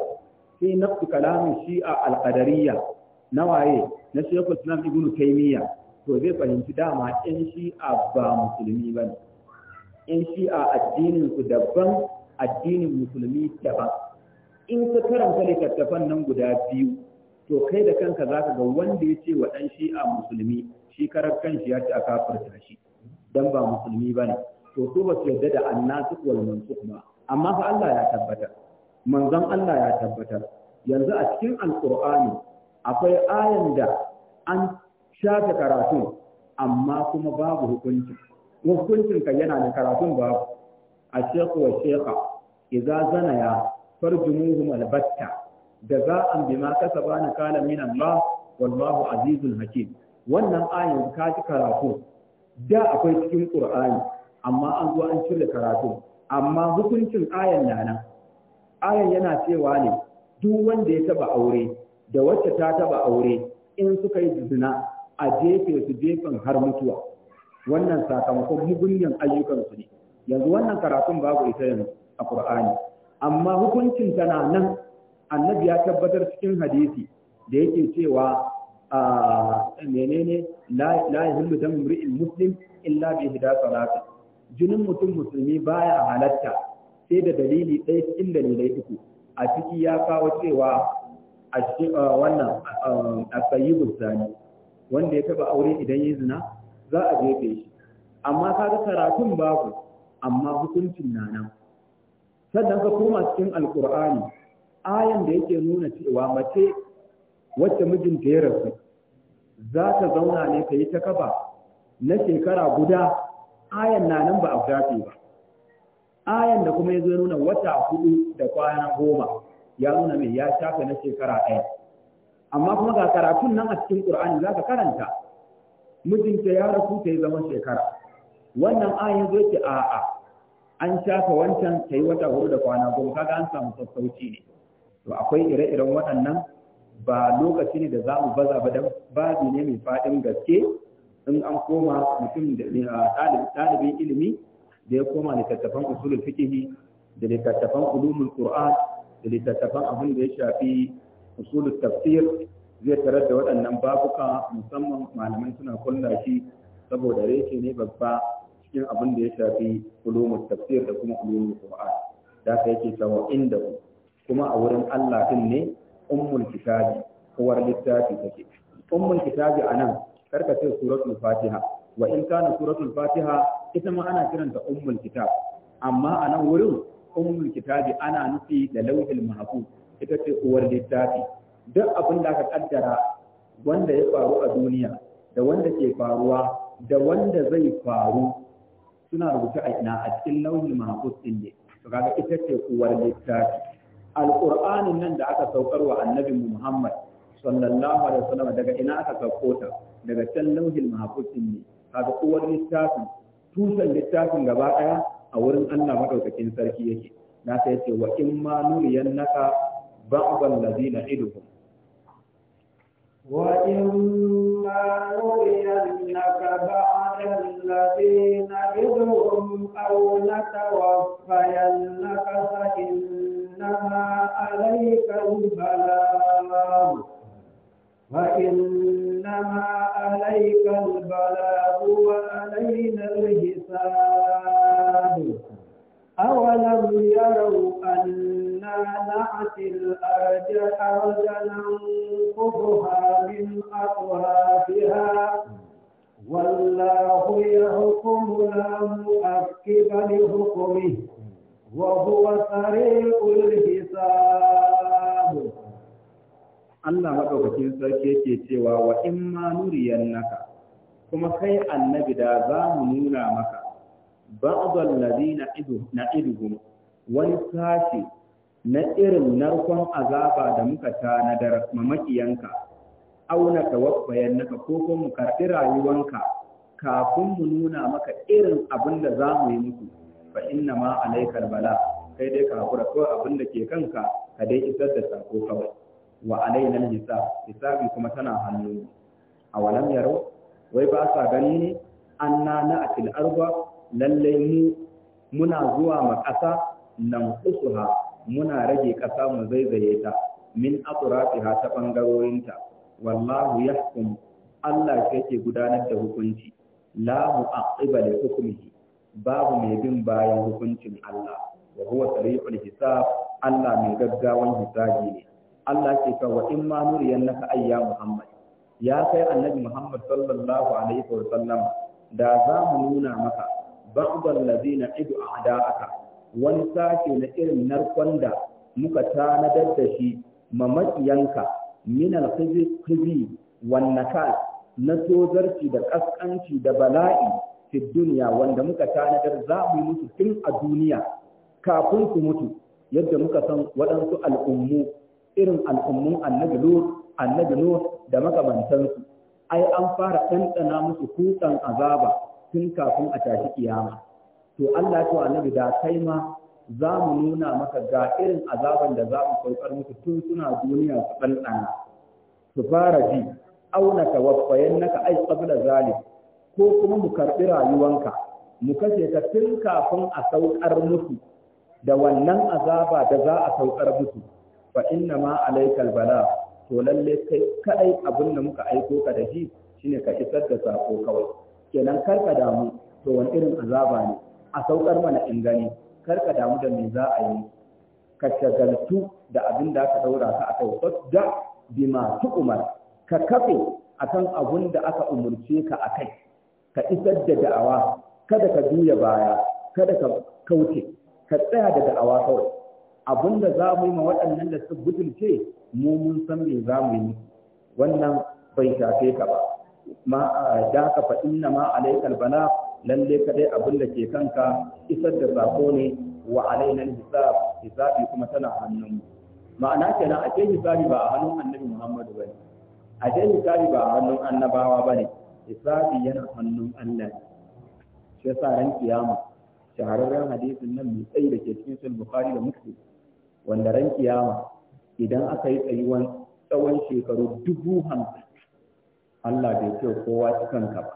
fi nafsi kalamin shi'a al-qadariyya na waye na shekul sunan ibn taymiya to zai fahimci dama in shi'a ba musulmi bane in shi'a addinin su daban addinin musulmi daban in ka karanta littattafan nan guda biyu to kai da kanka za ka ga wanda ya ce wa ɗan shi'a musulmi shi karar shi ya ci a kafirta shi dan ba musulmi ba ne to su ba su yarda da annasikh wal mansukh ba amma fa Allah ya tabbatar manzon Allah ya tabbatar yanzu a cikin alqur'ani akwai ayan da an shafe karatu amma kuma babu hukunci hukuncin ka yana da karatun babu a shekhu wa shekha idza zanaya farjumuhum albatta an bima ma na kala min Allah wallahu azizul hakim wannan ayan ka ji karatu da akwai cikin qur'ani amma an zo an cire karatu amma hukuncin ayan na nan ayan yana cewa ne duk wanda ya taba aure da wacce ta taba aure in suka yi zina a jefe su jefen har mutuwa wannan sakamakon mugunyan ayyukansu ne yanzu wannan karatun babu ita yanzu a Qur'ani amma hukuncin tana nan annabi ya tabbatar cikin hadisi da yake cewa menene la yahillu damu muslim illa bi hidayatin jinin mutum musulmi baya halatta sai da dalili ɗaya cikin dalilai uku a ciki ya kawo cewa a wannan burtani wanda ya taba aure idan yi zina za a jefe shi amma ka ga karatun babu amma hukuncin na nan sannan ka koma cikin alkur'ani ayan da yake nuna cewa mace wacce mijinta ya rasu za ta zauna ne ka yi ta kaba na shekara guda ayan na nan ba a gafe ba ayan da kuma ya zo nuna wata hudu da kwana goma ya nuna mai ya shafe na shekara ɗaya amma kuma ga karatun nan a cikin ƙur'ani za ka karanta mijinta ya rasu ta yi zaman shekara wannan ayan zo ce a'a an shafa wancan ta yi wata hudu da kwana goma kaga an samu sassauci ne to akwai ire-iren waɗannan ba lokaci ne da za mu baza ba don babi ne mai faɗin gaske in an koma mutum da eh, ɗalibin ilimi da ya koma littattafan usulul fikihi da littattafan ulumul qur'an da littattafan abin da ya shafi usulul tafsir zai tarar da waɗannan babuka musamman malamai suna kulla shi saboda reshe ne babba cikin abin da ya shafi ulumul tafsir da kuma ulumul qur'an da ka yake cewa inda kuma a wurin Allah din ne ummul kitabi kowar littafi take ummul kitabi anan karka ce suratul fatiha wa in kana suratul fatiha ita ma ana kiranta ummul kitab amma a nan wurin ummul kitabi ana nufi da lauhil mahfuz ita ce uwar littafi duk abin da aka kaddara wanda ya faru a duniya da wanda ke faruwa da wanda zai faru suna rubuta a ina a cikin launin mahfuz din ne to kaga ita ce uwar littafi alqur'anin nan da aka saukar wa annabi Muhammad sallallahu alaihi wasallam daga ina aka sauko ta daga can lauhin ne kaga uwar littafin tusan littafin gaba daya a wurin Allah madaukakin sarki yake na sai yace wa in ma nuriyan naka ba'dal ladina iduhum wa in ma nuriyan naka ba'dal ladina iduhum aw natawaffayannaka fa innama alayka al-balagh فإنما عليك البلاغ وعلينا الحساب أولم يروا أنا نأتي الأرض أرضا ننقضها من أطرافها والله يحكم لا مؤكد لحكمه وهو سريع الحساب Allah maɗaukakin sarki yake cewa wa in ma naka kuma kai annabi da za mu nuna maka ba'dal ladina na'iduhum wani sashi na irin narkon azaba da muka dar mamakiyanka auna naka ko kuma mu karɓi rayuwanka kafin mu nuna maka irin abin da za mu yi muku fa inna ma alaikal bala kai dai ka hakura ko abin da ke kanka ka dai isar da sako kawai wa alaina hisab hisabi kuma tana hannu a walam yaro wai ba sa gani ne anna na atil arba lalle mu muna zuwa ma kasa nan kusuha muna rage ƙasa mu zaizaye ta min atrafiha ta bangarorinta wallahu yahkum Allah shi yake gudanar da hukunci la mu'aqiba li hukmihi babu mai bin bayan hukuncin Allah wa huwa sari'ul hisab Allah mai gaggawan hisabi ne Allah ke cewa wa in ma nuriyannaka ayya Muhammad ya kai annabi Muhammad sallallahu alaihi wa sallam da za mu nuna maka ba'dal ladina idu a'da'aka wani sashe na irin narkon da muka tanadar da shi mamakiyanka min al-khizi wan nakal na tozarci da kaskanci da bala'i fi duniya wanda muka tanadar za mu mutu tun a duniya kafin su mutu yadda muka san waɗansu al'ummu irin al'ummun annabi Lut annabi da makamantansu ai an fara ɗanɗana musu kutsan azaba tun kafin a tashi kiyama to Allah to annabi da kai ma za mu nuna maka ga irin azaban da za mu saukar musu tun suna duniya su ɗanɗana su fara ji auna ka wafayen naka ai qabla zalim ko kuma mu karɓi rayuwanka mu kashe ka tun kafin a saukar musu da wannan azaba da za a saukar musu fa inna ma alaikal bala to lalle kai kadai abin da muka aiko ka da shi shine ka isar da sako kawai kenan kar ka damu to wani irin azaba ne a saukar mana in gani kar ka damu da me za a yi ka shagaltu da abin da aka daura ka akai da bima tuqmar ka kafe akan abun da aka umurce ka akai ka isar da da'awa kada ka juya baya kada ka kauce ka tsaya da da'awa kawai abin da za mu yi ma waɗannan da su gudunce mu mun san me za mu yi wannan bai shafe ka ba ma da ka fa inna ma alaikal bala lalle dai abin da ke kanka isar da sako ne wa alaina hisab hisabi kuma tana hannun mu ma'ana kenan a hisabi ba a hannun annabi Muhammadu bane a hisabi ba a hannun annabawa bane hisabi yana hannun Allah shi yasa ran kiyama shahararren hadisin nan mai tsayi da ke cikin sulh Bukhari da Muslim wanda ran kiyama idan aka yi tsayuwan tsawon shekaru dubu hamsin Allah bai ce kowa cikin ka ba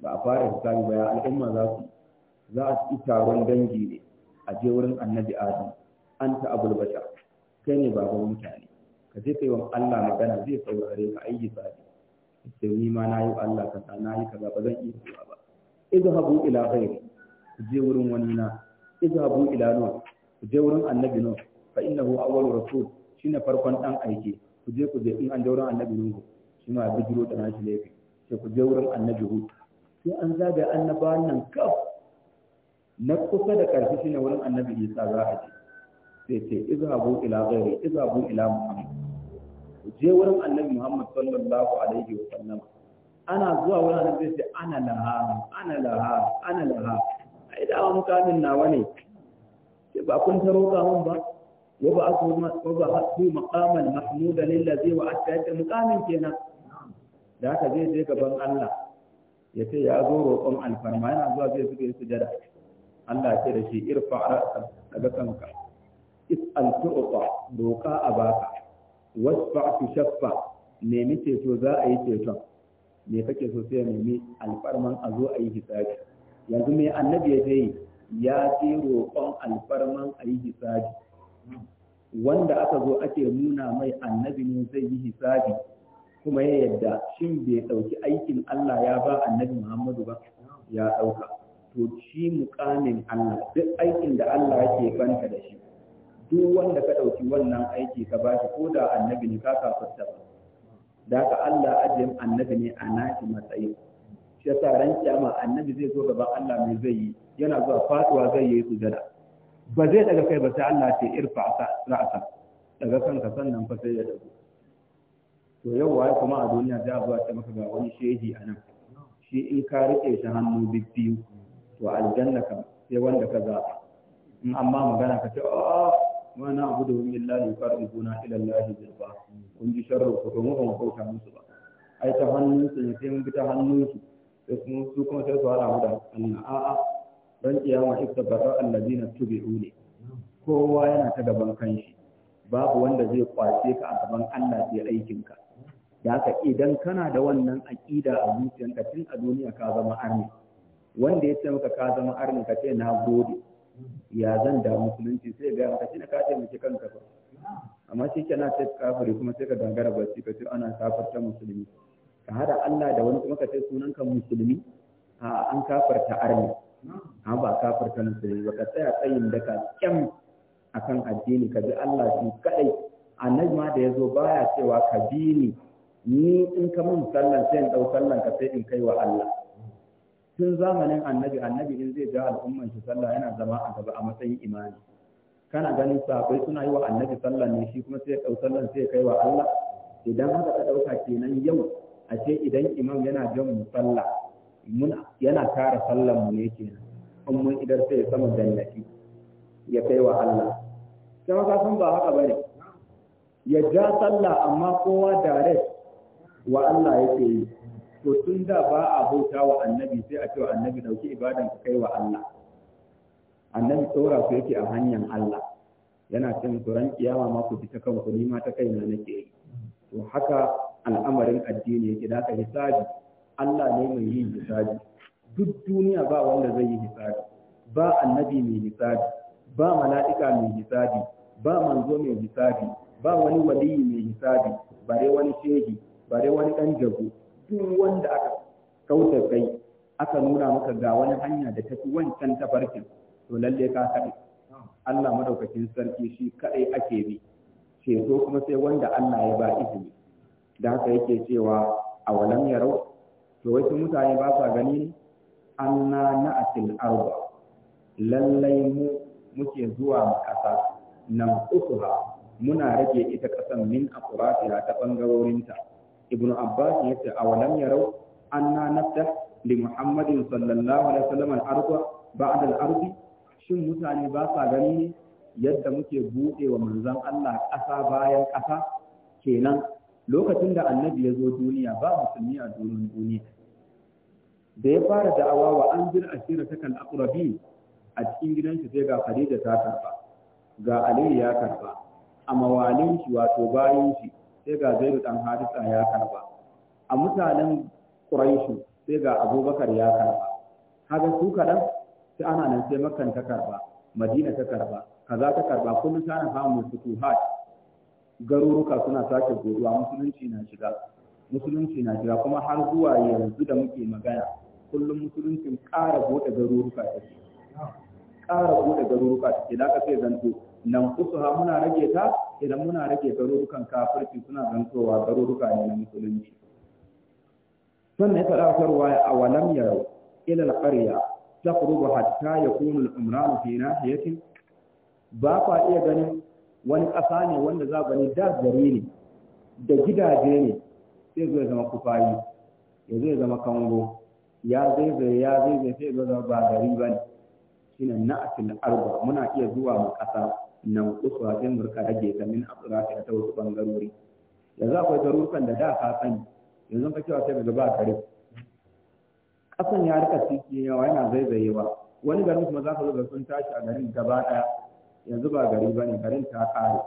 ba a fara hisabi ba ya al'umma za su za a ci taron dangi ne a je wurin annabi adam an ta abul bashar kai ne baban mutane ka je kai wa Allah magana zai saurare ka ayi sabi ce ni ma na yi Allah ka sa na yi kaza ba zan iya cewa ba Habu ila ghairi je wurin wani na Habu ila nur je wurin annabi nur fa hu awwal rasul shine farkon dan aike ku je ku je in an dauran annabi nuhu shi ma bijiro da nashi laifi sai ku je wurin annabi hu sai an zaga annabawan nan kaf na kusa da karfi shine wurin annabi isa za a je sai ce izhabu ila ghairi izhabu ila muhammad ku je wurin annabi muhammad sallallahu alaihi wa sallam ana zuwa wurin annabi sai ana laha ana laha ana laha ai da mutanen nawa ne ba kun taro ka mun ba haɗu وبعثه مقاما محمودا للذي وعدت مقام kenan. da haka zai je gaban Allah ya ce ya zo roƙon alfarma yana zuwa zai suka su jada. Allah ce da shi irfa ra'sa daga kanka is'al tu'ta doka a baka wasfa shaffa nemi ceto za a yi ceton me kake so sai nemi alfarman a zo a yi hisabi yanzu me annabi ya je ya je roƙon alfarman a yi hisabi wanda aka zo ake nuna mai annabi ne zai yi hisabi kuma ya yadda shin bai ɗauki aikin Allah ya ba annabi Muhammadu ba ya ɗauka to shi mukamin Allah duk aikin da Allah yake banta da shi duk wanda ka ɗauki wannan aiki ka ba shi ko da annabi ne ka kafarta ba da ka Allah ajiye annabi ne a nashi matsayi shi yasa ran kiyama annabi zai zo gaban Allah mai zai yi yana zuwa fatuwa zai yi sujada ba zai daga kai ba sai Allah ce irfa ra'asa daga kanka sannan fa sai ya dago to yau waye kuma a duniya za a zuwa ta maka ga wani shehi a nan shi in ka rike shi hannu bibbiyu to aljanna ka sai wanda ka zaɓa in amma magana ka ce a na abu da wani lillahi farin guna ila lahi zirba kun ji sharro ko to mu ba mu musu ba ai ta hannunsu ne sai mun bi ta hannunsu sai kuma su kuma sai su hada mu da Allah a'a don kiyama ita Allah allazina tubi ne kowa yana ta gaban kanshi babu wanda zai kwace ka a gaban Allah sai aikin ka da ka idan kana da wannan aqida a zuciyarka tun a duniya ka zama arni wanda ya ce maka ka zama arni ka ce na gode ya zan da musulunci sai ga maka shine ka ce miki kanka ba amma shi kana ce kafiri kuma sai ka gangara ba ka ce ana kafarta musulmi ka hada Allah da wani kuma ka ce sunan ka musulmi a an kafarta arni amma ba kafirta musulmi ba ka tsaya tsayin da ka kyam akan addini ka bi Allah shi kadai annabi ma da yazo baya cewa ka bi ni ni in ka mun sallan sai in dau sallan ka sai in kai wa Allah tun zamanin annabi annabi in zai ja al'umman shi sallah yana zama a gaba a matsayin imani kana ganin sahabbai suna yi wa annabi sallan ne shi kuma sai ya dau sallan sai ya kai wa Allah idan haka ka ɗauka kenan yau ashe idan imam yana jan musalla yana tara sallan mu ne kenan in mun idar sai sama jannati ya kai wa Allah sai ka san ba haka bane ya ja sallah amma kowa direct wa Allah yake yi to tun da ba a bauta wa annabi sai a ce annabi dauki ibadan ka kai wa Allah annabi tsora ku yake a hanyar Allah yana cin tsoron kiyama ma ku fita kanku ni ma ta kaina nake yi to haka al'amarin addini yake da ka hisabi Allah ne mai yin hisabi duk duniya ba wanda zai yi hisabi ba annabi mai hisabi ba mala'ika mai hisabi ba manzo mai hisabi ba wani waliyi mai hisabi bare wani shehi bare wani dan jago duk wanda aka kauta kai aka nuna maka ga wani hanya da tafi wancan tafarkin to lalle ka kaɗai Allah madaukakin sarki shi kaɗai ake bi ceto kuma sai wanda Allah ya ba izini da haka yake cewa a walam yarau to wasu mutane ba sa gani ne anna asil arba lallai mu muke zuwa ƙasa nan usuha muna rage ita ƙasan min ya ta bangarorinta ibnu abbas ya ce awalam yarau anna nafta li muhammadin sallallahu alaihi wasallam al-arba ba'da al-ardi shin mutane ba sa gani ne yadda muke buɗe wa manzon Allah ƙasa bayan ƙasa kenan lokacin da annabi ya zo duniya ba musulmi a doron duniya da ya fara da'awa wa an jira ashira ta kan aqrabi a cikin gidansu sai ga Khadija ta karba ga Aliyu ya karba a mawalin shi wato bayan shi sai ga Zaid dan Harisa ya karba a mutanen Quraish sai ga Abubakar ya karba haka su kaɗan, sai ana nan sai Makkan ta karba Madina ta karba kaza ta karba kullum sai su ku hat garuruka suna sake goduwa musulunci na shiga musulunci na shiga kuma har zuwa yanzu da muke magana kullum musuluncin ƙara bude garuruka ke, ƙara bude garuruka ta da ka sai zanto nan ha muna rage ta idan muna rage garurukan kafirci suna zantowa garuruka ne na musulunci sannan ita ya awalam ya rau ila alƙarya ta hatta ya kunu al'umranu fi nahiyatin ba fa iya ganin wani ƙasa ne wanda za gani da gari ne da gidaje ne sai zai zama kufayi ya zai zama kango ya zai zai ya zai zai sai zai zama ba gari ba ne shine na'atil arba muna iya zuwa mu ƙasa nan kusa sai mu rika rage ta min rafi ta wasu bangarori yanzu akwai garurukan da da ka sani yanzu ka cewa sai daga ba gari ƙasan ya rika cikin yawa yana zaizayewa wani garin kuma za ka zo ga sun tashi a garin gaba ɗaya yanzu ba gari ba ne garin ta kare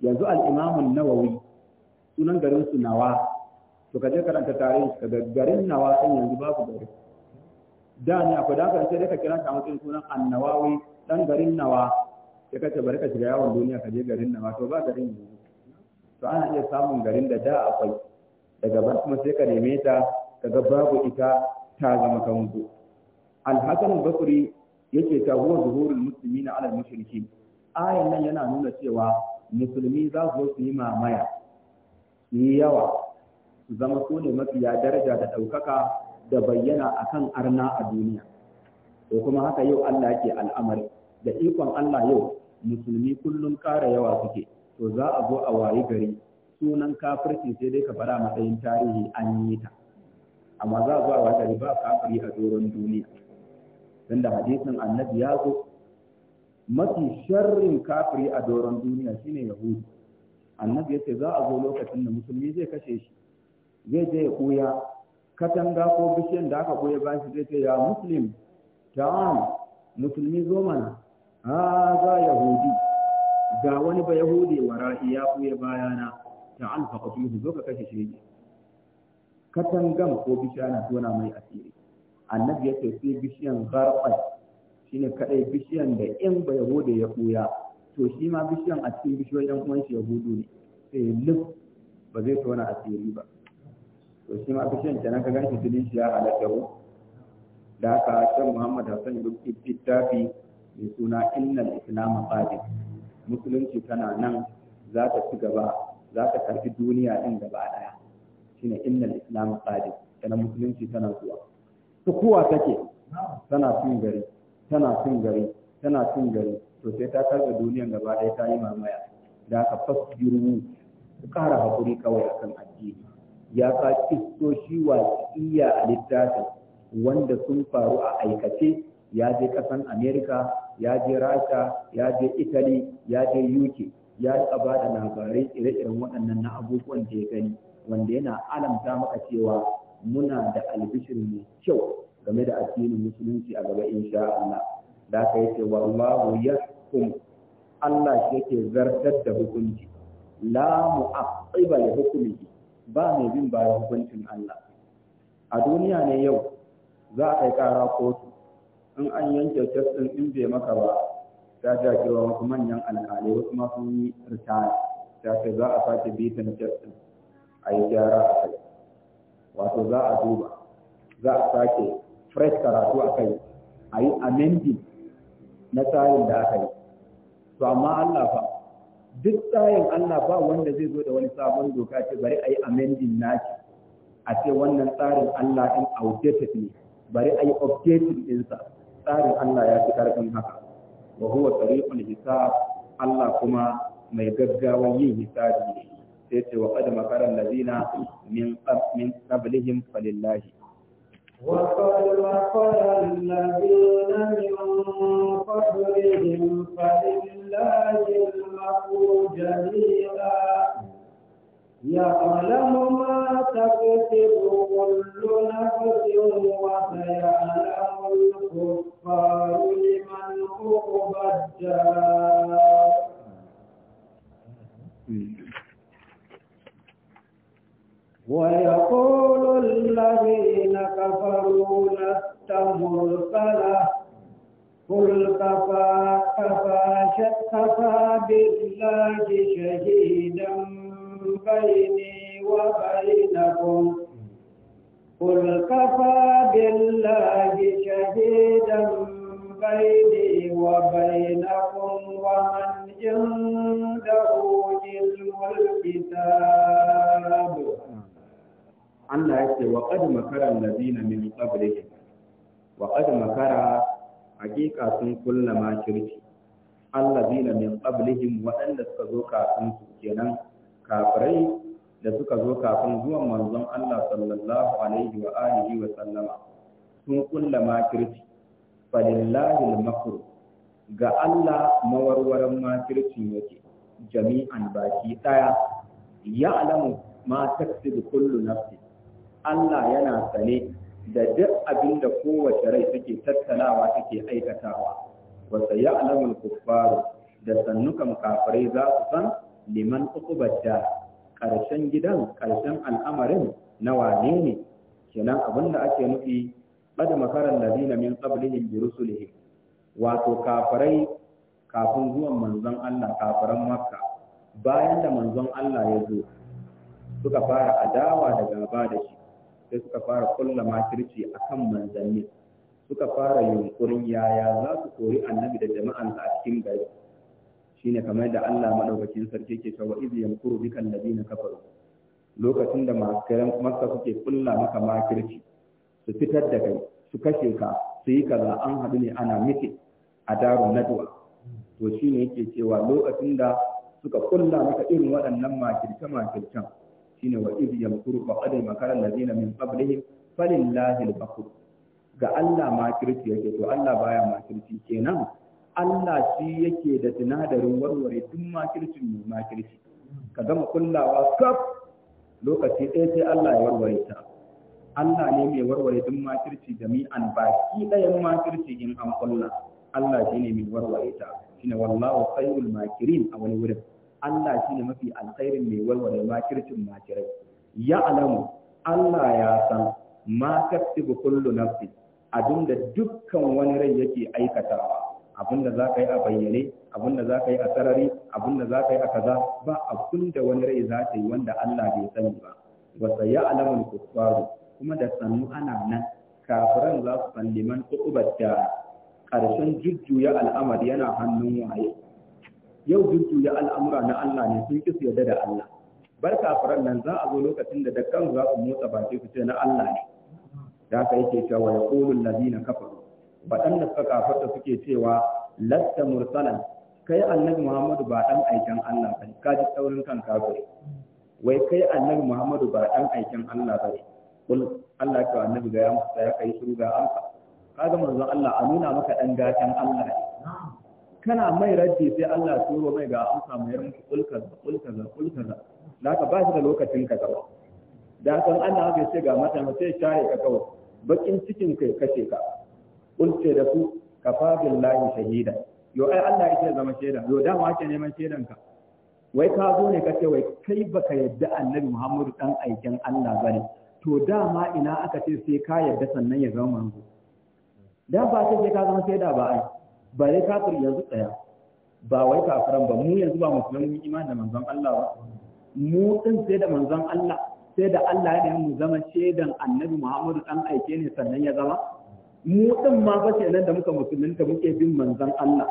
yanzu al'imamun nawawi sunan garin su nawa to kaje karanta tarihi kaga garin nawa din yanzu babu gari da ne akwai ka sai dai ka kira ta mutum sunan annawawi dan garin nawa sai ka ce bari ka shiga yawon duniya kaje garin nawa to ba garin yanzu to ana iya samun garin da da akwai daga ba kuma sai ka neme ta kaga babu ita ta zama kanku alhassan basri yake ta huwa zuhurul muslimina ala mushrikin ayan nan yana nuna cewa musulmi za su su yi mamaya su yi yawa su zama su ne mafiya daraja da ɗaukaka da bayyana akan arna a duniya to kuma haka yau Allah ke al'amari da ikon Allah yau musulmi kullum ƙara yawa suke to za a zo a wayi gari sunan kafirci sai dai ka fara matsayin tarihi an yi ta amma za a zo a wayi gari kafiri a doron duniya tunda hadisin annabi ya zo mafi sharrin kafiri a doron duniya shine yahudi annabi ya ce za a zo lokacin da musulmi zai kashe shi zai je ya koya katanga ko bishiyan da aka koya ba shi zai ce ya muslim ta'am musulmi zo mana ha za yahudi ga wani ba yahudi wara'i ya koya bayana ta'al faqatuluhu zo ka kashe shi katangan ko bishiya na tona mai asiri annabi ce sai bishiyan garfas shine kadai bishiyan da in ba yahuda ya buya to shi ma bishiyan a cikin bishiyoyin kuma uwan shi yahudu ne sai lif ba zai tona asiri ba to shi ma bishiyan kenan ka ganshi tudin shi ya halatta ko da aka shan muhammad hassan ibn littafi mai suna innal islam qadim musulunci tana nan za ta ci gaba za ta karfi duniya din gaba daya shine innal islam qadim kana musulunci tana zuwa tukuwa take tana cin gari tana cin gari tana cin gari to sai ta karɓe duniyan gaba ɗaya ta yi mamaya da aka jirgi su ƙara haƙuri kawai akan addini ya ka kistoshi waƙiya a littafi wanda sun faru a aikace ya je ƙasan america ya je rasha ya je italy ya je uk ya taɓa ba da labarai ire-iren waɗannan na abubuwan da ya gani wanda yana alamta maka cewa muna da albishir mai kyau game da addinin musulunci a gaba insha Allah da aka yace wallahu yahkum Allah shi yake zartar da hukunci la mu'aqqiba li hukmihi ba mai bin da hukuncin Allah a duniya ne yau za a kai kara kotu in an yanke kyastin in bai maka ba ta ta cewa wasu manyan alkalai wasu masu sun yi ritaya ta ce za a sake bitan kyastin a yi gyara a kai wato za a duba za a sake fresh karatu a kai a yi amending na tsarin da aka yi to amma Allah fa duk tsarin Allah ba wanda zai zo da wani sabon doka ce bari a yi amending naci a ce wannan tsarin Allah in outdated ne bari a yi updated ɗinsa tsarin Allah ya fi ƙarfin haka wa huwa tariqul hisab Allah kuma mai gaggawan yin hisabi ne sai ce wa qad makara allazina min min qablihim falillahi وقد مكر الذين من قبلهم فلله المكر جميعا يعلم ما تكسب كل نفس وسيعلم الكفار لمن عقبى الدار ويقول الذين كفروا لست مرسلا قل كفى كفى كفى بالله شهيدا بيني وبينكم قل كفى بالله شهيدا بيني وبينكم ومن عنده علم الكتاب Allah ya ce wa qad makara allazina min qablihim wa qad makara hakika sun kulla makirci allazina min qablihim waɗanda suka zo kafin su kenan kafirai da suka zo kafin zuwan manzon Allah sallallahu alaihi wa alihi wa sallama sun kulla makirci falillahi al-makru ga Allah mawarwaran makircin yake jami'an baki daya yalamu alamu ma taksidu kullu nafsin Allah yana sane da duk abin da kowace rai suke tattalawa take aikatawa wa sayalamul kuffaru da sannukan kafirai za su san liman uqubadda karshen gidan karshen al'amarin na wane ne kenan abin da ake nufi qad makara allazina min qablihim bi rusulihim wato kafirai kafin zuwan manzon Allah kafiran Makka bayan da manzon Allah ya zo suka fara adawa da gaba da shi sai suka fara kulla makirci a kan manzanni suka fara yunkurin yaya za su kori annabi da jama'an a cikin gari shine kamar da Allah madaukakin sarki ke cewa iz yamkuru bika na kafaru lokacin da makaran makka suke kulla maka makirci su fitar da kai su kashe ka su yi kaza an haɗu ne ana miki a darun nadwa to shine yake cewa lokacin da suka kulla maka irin waɗannan makirce makircen shine wa idh yamkuru fa qad makara min qablihim falillahi al ga Allah makirci yake to Allah baya makirci kenan Allah shi yake da sinadarin warware duk makircin mai makirci ka gama kullawa kaf lokaci ɗaya sai Allah ya warware ta Allah ne mai warware duk makirci jami'an baki ɗayan makirci in an kulla Allah shi ne mai warware ta shine wallahu khairul makirin a wani wurin Allah shi ne mafi alkhairin mai warware makircin makirai ya alamu Allah ya san ma taktibu kullu nafsi abinda dukkan wani rai yake aikatawa abinda za ka yi a bayyane abinda za ka yi a sarari abinda za ka yi a kaza ba abinda wani rai za ta yi wanda Allah bai sani ba wasa ya alamun kuffaru kuma da sannu ana nan kafiran za su san liman ƙuɓar ƙarshen jujjuya al'amari yana hannun waye yau duk ya al'amura na Allah ne sun kisu yadda da Allah bar kafiran nan za a zo lokacin da dakkan za su motsa baki su ce na Allah ne da haka yake cewa ya qulul ladina kafaru waɗanda suka da suke cewa latta mursalan kai annabi Muhammadu ba ɗan aikin Allah ba ka ji taurin kan kafiri wai kai annabi Muhammadu ba ɗan aikin Allah ne. kul Allah ka annabi ga ya musa ya kai shiru ga amsa ga manzon Allah a nuna maka ɗan gashin Allah ne kana mai raddi sai Allah turo mai ga amsa mai ranku kulka kulka kulka da ka ba shi da lokacin ka gaba da san Allah haka ce ga mata sai share ka kawai bakin cikin kai kashe ka kulce da su kafa billahi shahida yo ai Allah yake zama shaida yo da ma ake neman shaidan ka wai ka zo ne kace wai kai baka yadda Annabi Muhammadu dan aikin Allah bane to dama ina aka ce sai ka yadda sannan ya zama manzo da ba sai ka zama shaida ba ai ba dai kafir yanzu ɗaya, ba wai kafiran ba mu yanzu ba musulmi mun imani da manzon Allah ba mu din sai da manzon Allah sai da Allah ya nemi mu zama shaidan annabi Muhammadu dan aike ne sannan ya zama mu din ma ba nan da muka musulunta muke bin manzon Allah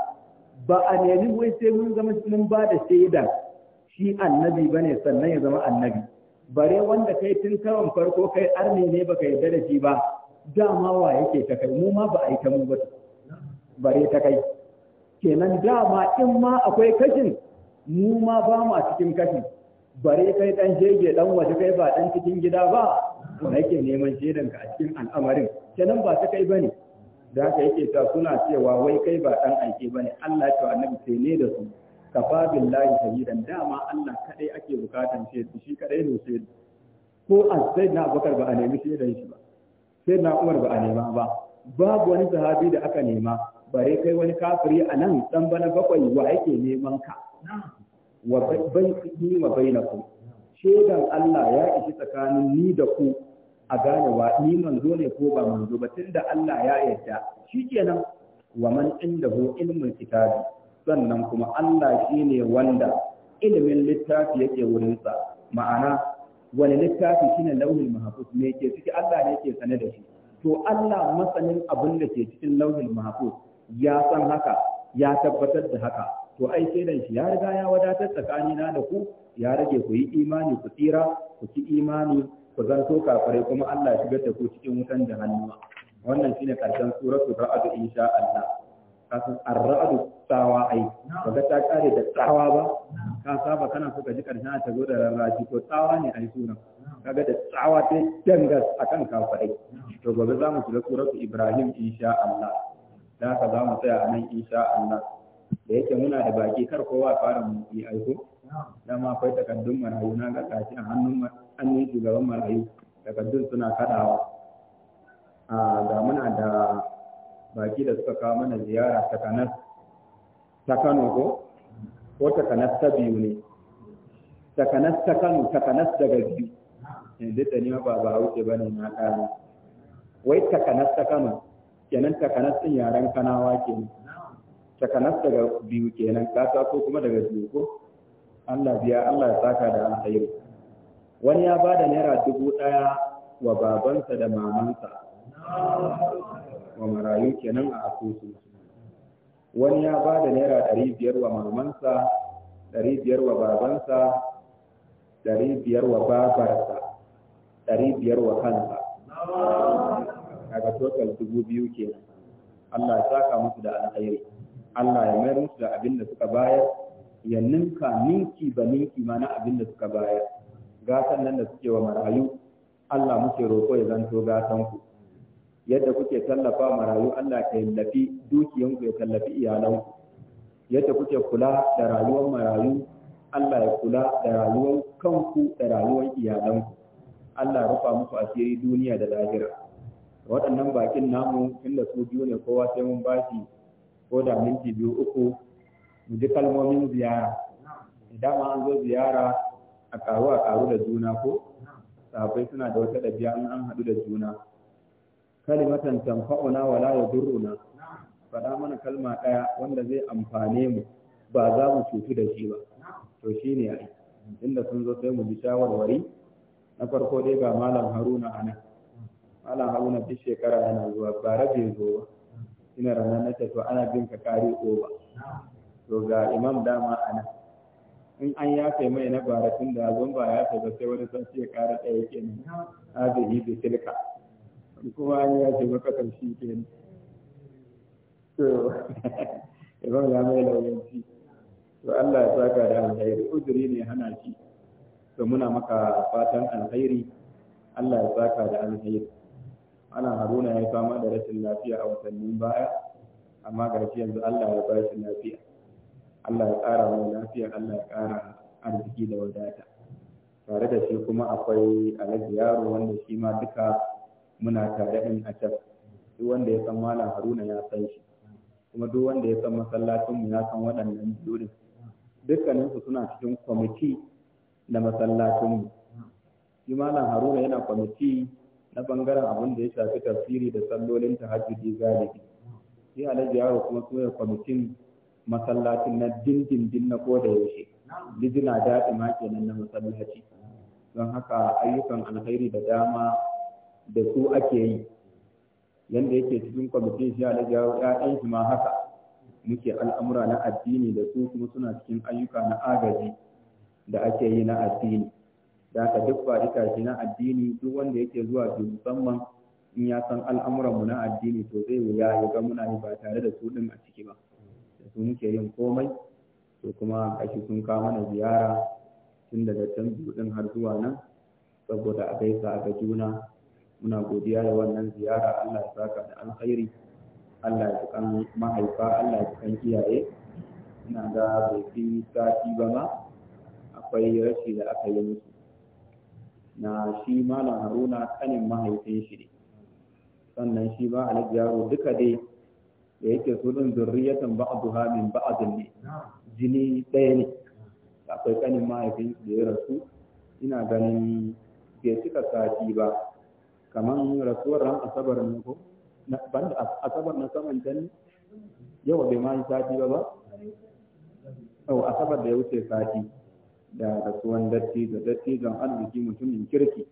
ba a nemi wai sai mun zama mun ba da shi annabi bane sannan ya zama annabi bare wanda kai tun karon farko kai arni ne baka yarda da shi ba dama wa yake ta kai mu ma ba a yi ta mu ba bare ta kai kenan dama in ma akwai kashin mu ma ba ma cikin kashin bare kai dan jege dan waje kai ba dan cikin gida ba to nake neman shedan ka a cikin al'amarin kenan ba ta kai bane da haka yake ta suna cewa wai kai ba dan aike bane Allah ya annabi sai ne da su kafa billahi shahidan dama Allah kadai ake bukatan shaidu, shi kadai ne shaidu. ko na bakar ba a nemi shedan shi ba na Umar ba a nema ba babu wani sahabi da aka nema bare kai wani kafiri a nan dan bana bakwai wa yake neman ka wa bai ni wa ku? shedan Allah ya ishi tsakanin ni da ku a gane wa ni manzo ne ko ba manzo ba tunda Allah ya yarda shi kenan wa man indahu ilmul kitabi sannan kuma Allah shi ne wanda ilimin littafi yake wurinsa ma'ana wani littafi shine launin mahfuz ne ke ciki Allah ne ke sane da shi to Allah masanin abin da ke cikin launin mahfuz ya san haka ya tabbatar da haka to ai sai dan shi ya riga ya wadatar tsakani na da ku ya rage ku yi imani ku tsira ku ci imani ku zanto kafare kuma Allah ya shigar da ku cikin wutan jahannama wannan shine karshen suratul ra'd insha Allah kasan arra'adu tsawa ai kaga ta kare da tsawa ba ka saba kana so ka ji karshen ta zo da rarraji to tsawa ne ai sunan kaga da tsawa ta dangas akan kafare to gobe za mu shiga suratu Ibrahim insha Allah da haka za mu tsaya a nan isa Allah da yake muna da baki kar kowa fara mu yi aiko dama akwai takaddun marayu na ga kashi a hannun hannun shugaban marayu takaddun suna kadawa a ga muna da baki da suka kawo mana ziyara ta kanas ta Kano ko ko ta kanas ta biyu ne ta kanas ta Kano ta kanas daga biyu yanzu da ni ba ba wuce bane na kare wai ta kanas ta Kano kenan takanas yaren kanawa kenan takanas daga biyu kenan kasa ko kuma daga biyu ko Allah biya Allah ya saka da alkhairi wani ya ba da naira dubu ɗaya wa babansa da mamansa wa marayu kenan a asusun wani ya ba da naira ɗari biyar wa mamansa ɗari biyar wa babansa ɗari biyar wa babarsa ɗari biyar wa kansa Daga total dubu biyu kenan Allah ya saka musu da alkhairi Allah ya mayar musu da abin da suka bayar ya ninka ninki ba ninki ma na abin da suka bayar gatan nan da suke wa marayu Allah muke roƙo ya zanto gatan ku yadda kuke tallafa marayu Allah ya tallafi dukiyanku ya tallafi iyalanku yadda kuke kula da rayuwar marayu Allah ya kula da rayuwar kanku da rayuwar iyalanku Allah ya rufa muku asiri duniya da lahira waɗannan bakin namu inda su biyu ne kowa sai mun bashi ko da minti biyu uku mu ji kalmomin ziyara idan ma an zo ziyara a karu a karu da juna ko safai suna da wata ɗabi'a in an haɗu da juna kalimatan tanfa'una wala yadurruna faɗa mana kalma ɗaya wanda zai amfane mu ba za mu cutu da shi ba to shine inda sun zo sai mu ji shawarwari na farko dai ga malam haruna a anan malam na duk shekara yana zuwa ba rabe zo ba ina ranar na to ana bin ka kare ba to ga imam dama a nan in an yafe mai na bara tun da zon ba ya ba sai wani sassi ya kara ɗaya kenan yi bi tilka kuma an yafe maka ke kenan to imam ya mai lauyanci to Allah ya saka da alheri uzuri ne hana shi to muna maka fatan alheri Allah ya saka da alheri ana haruna ya fama da rashin lafiya a watannin baya amma gashi yanzu Allah ya ba shi lafiya Allah ya ƙara mai lafiya Allah ya ƙara arziki da wadata tare da shi kuma akwai alhaji yaro wanda shi ma duka muna tare in a can duk wanda ya san malam haruna ya san shi kuma duk wanda ya san masallacin mu ya san waɗannan biyu dukkanin su suna cikin kwamiti na masallacin mu shi malam haruna yana kwamiti na bangaren abin da ya shafi tafsiri da sallolin ta tahajjudi galibi sai alhaji yaro kuma soya kwamitin masallaci na dindindin na koda yaushe lijina daɗi ma kenan na masallaci don haka ayyukan alkhairi da dama da su ake yi yanda yake cikin kwamitin shi alhaji yaro ya shi ma haka muke al'amura na addini da su kuma suna cikin ayyuka na agaji da ake yi na addini da ka duk ba shi na addini duk wanda yake zuwa biyu musamman in ya san al'amuranmu na addini to zai wuya ya ga muna yi ba tare da su ɗin a ciki ba da su muke yin komai to kuma ake sun ka mana ziyara tun daga can biyu ɗin har zuwa nan saboda a gaisa a ga juna muna godiya da wannan ziyara Allah ya saka da alkhairi Allah ya kan mahaifa Allah ya kan iyaye ina ga bai fi sati ba ma akwai rashi da aka yi musu na shi malam haruna kanin mahaifin shi ne sannan shi ba alhaji duka dai da yake so din zurriyatan ha min ba'din ne jini ɗaya ne akwai kanin mahaifin da ya rasu ina ganin bai cika sati ba kaman rasuwar ran asabar ne ko banda asabar na saman can yawa bai ma sati ba ba asabar da ya wuce sati da rasuwan dattijo dattijon arziki mutumin kirki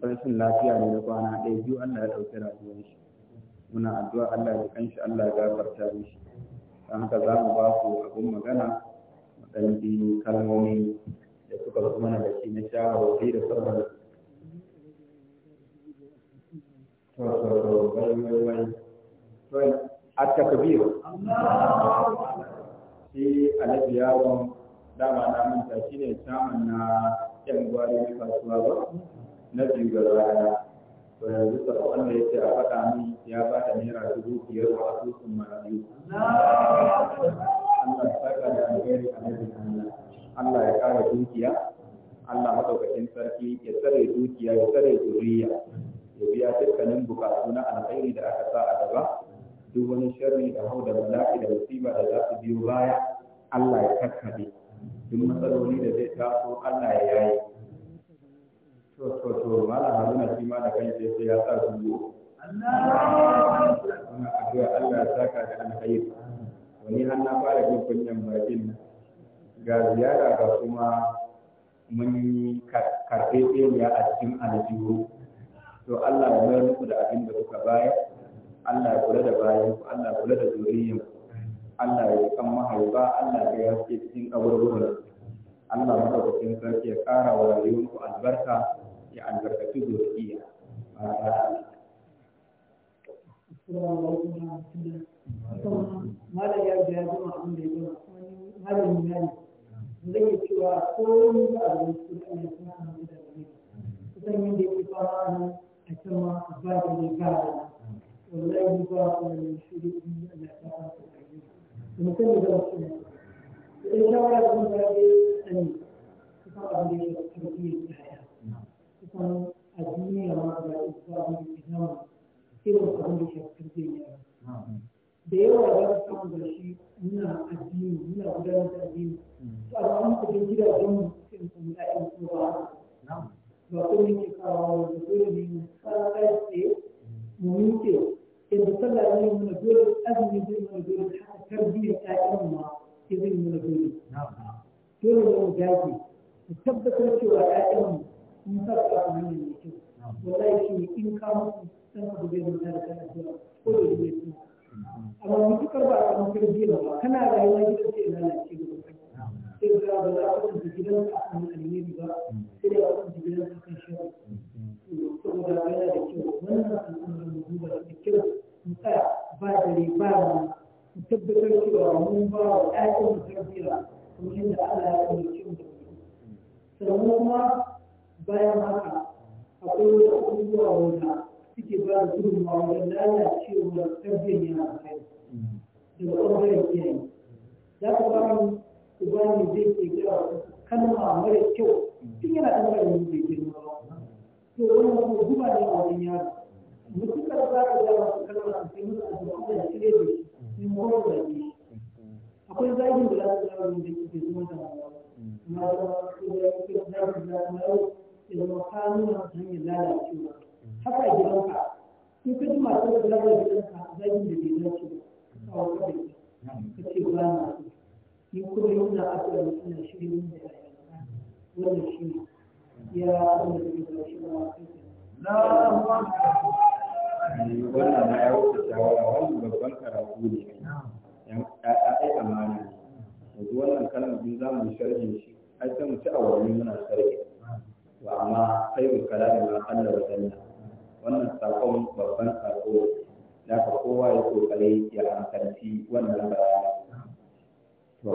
rashin lafiya ne da kwana ɗaya biyu Allah ya ɗauki rayuwar shi muna addu'a Allah ya kanshi Allah ya gafarta mishi don haka za mu ba ku abin magana waɗansu kalmomi da suka zo mana da shi na shawarwari da sauran to a takbir shi alabiyawan dama na manta shi ne samun na yan gwari kasuwa ba na biyu ga rana to yanzu sau wanda ya ce a faɗa min ya ba da naira dubu biyar asusun marayu Allah ya saka da alheri a nabin Allah ya kara dukiya Allah maɗaukakin sarki ya tsare dukiya ya tsare zuriya ya biya dukkanin bukatu na alkhairi da aka sa a gaba duk wani sharri da hau da bala'i da musiba da za su biyo baya Allah ya kakkabe duk matsaloli da zai taso Allah ya yayi to to to malam Haruna shi ma da kai sai ya sa su go Allah muna addu'a Allah ya saka da alkhair wani har na fara jin kunyan bakin ga ziyara ga kuma mun yi karfe tsiriya a cikin aljihu to Allah ya mayar muku da abin da kuka bayar Allah ya kula da bayan ku Allah ya kula da zuriyan ku Allah ya kan mahaifa Allah ya ke cikin kaburburan Allah madaukakin sarki ya kara wa rayuwarku albarka ya albarkaci zuriya malam ya da ya wani ba yi da ba المسلم ده مسلم إن شاء الله يكون ذلك أن تصاب به التوحيد في الحياة تصاب الدنيا مرة تصاب بالإسلام كيف تصاب به التوحيد da yawa za su samu da shi muna addini muna gudanar da addini to a zaman ku da gidajen mu sai mu samu da'in ko ba ba ko ne ke kawo da dole ne tsara kai mu miƙe yadda sallah ne muna dole azumi zai muna dole tarbiyyar ƴaƴan ma izin mu na dole dole ne mu dage mu tabbatar cewa ƴaƴan mu mun sa a mai kyau wallahi shi in ka musu san abu da kana cewa ko da zai suna amma mutukar ba a samu tarbiyyar ba kana rayuwa gidan ce lalace da sai ka ba za a kwatanta gidanka a kan alheri ba sai da a kwatanta gidanka cewa mun ba wa ƴaƴan tarbiyya domin da Allah ya sannan kuma bayan haka akwai wasu abubuwa wanda suke ba da gudunmawa wajen lalacewa tarbiyyar yana kai daga ɓangaren iyaye za ku ba mu uba zai ke kira kalma mara kyau tun yana ɗan yin bai girma ba to wani abu guba ne a wajen yaro mutum kada za ka ga masu kalma a cikin a cikin shirye da sun akwai zagin da za su zama da ke zama da na zama su da zagin da na yau ya zama ka nuna hanyar lalacewa haka a gidanka in ka ji masu da zagar gidanka zagin da bai dace a wata da ka ce ba na so ni kuma yau na aka yi suna shirin da wannan shi ya wanda ke da shi ba a kai na wannan ma ya wuce shawara wannan babban karatu ne yan ai amana ne yanzu wannan kalmar din zamu yi sharhin shi ai sai mu ci awanni muna sharhi Wa amma sai mu kalami ma Allah wa jalla wannan sakon babban sako da ka kowa ya kokare ya amsanci wannan bayani to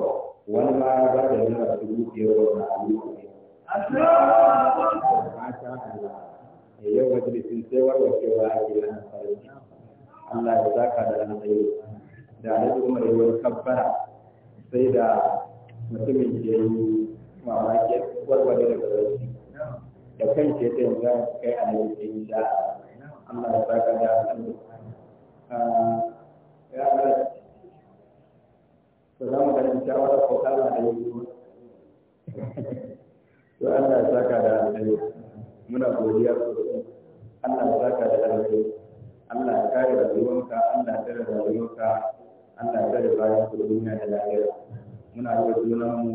wani ma ba da yana dubu biyar na abu ne. Allah! Masha Allah! yau majalisin sai warwacewa a ke ranar farauci Allah ya zaka da ranar yau da kuma da yawar kabbara sai da mutumin ke yi mamaki warware da farauci da kan ke ta yanzu kai alhaji ke yi da Allah ya zaka da alhaji ah, ya alhaji to za mu ga shawarar ko Allah da yi to Allah ya zaka da alhaji muna godiya sosai Allah ya saka da alheri Allah ya kare rayuwarka Allah ya kare rayuwarka Allah ya kare bayan ku duniya da lahira muna yi wa mu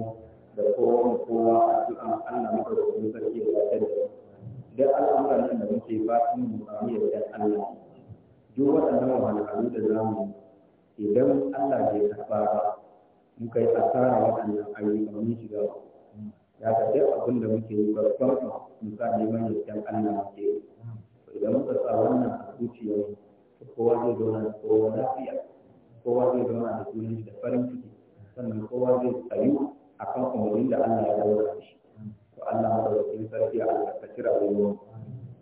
da kowa mu kowa cikin Allah muka roƙi sarki da lafiya duk al'amuran nan da muke ba su mu samu yardan Allah duk waɗannan wahalhalu da zamu idan Allah bai karɓa ba muka yi asara waɗannan ayyukan mun shiga da ka sai abin da muke yi ba farkon mu sa neman yardan Allah muke yi idan muka sa wannan a zuciyar kowa zai zauna da kowa lafiya kowa zai zauna da sunan da farin ciki sannan kowa zai tsayu a kan umarnin da Allah ya daura da shi to Allah madaukakin sarki a albarkaci rayuwar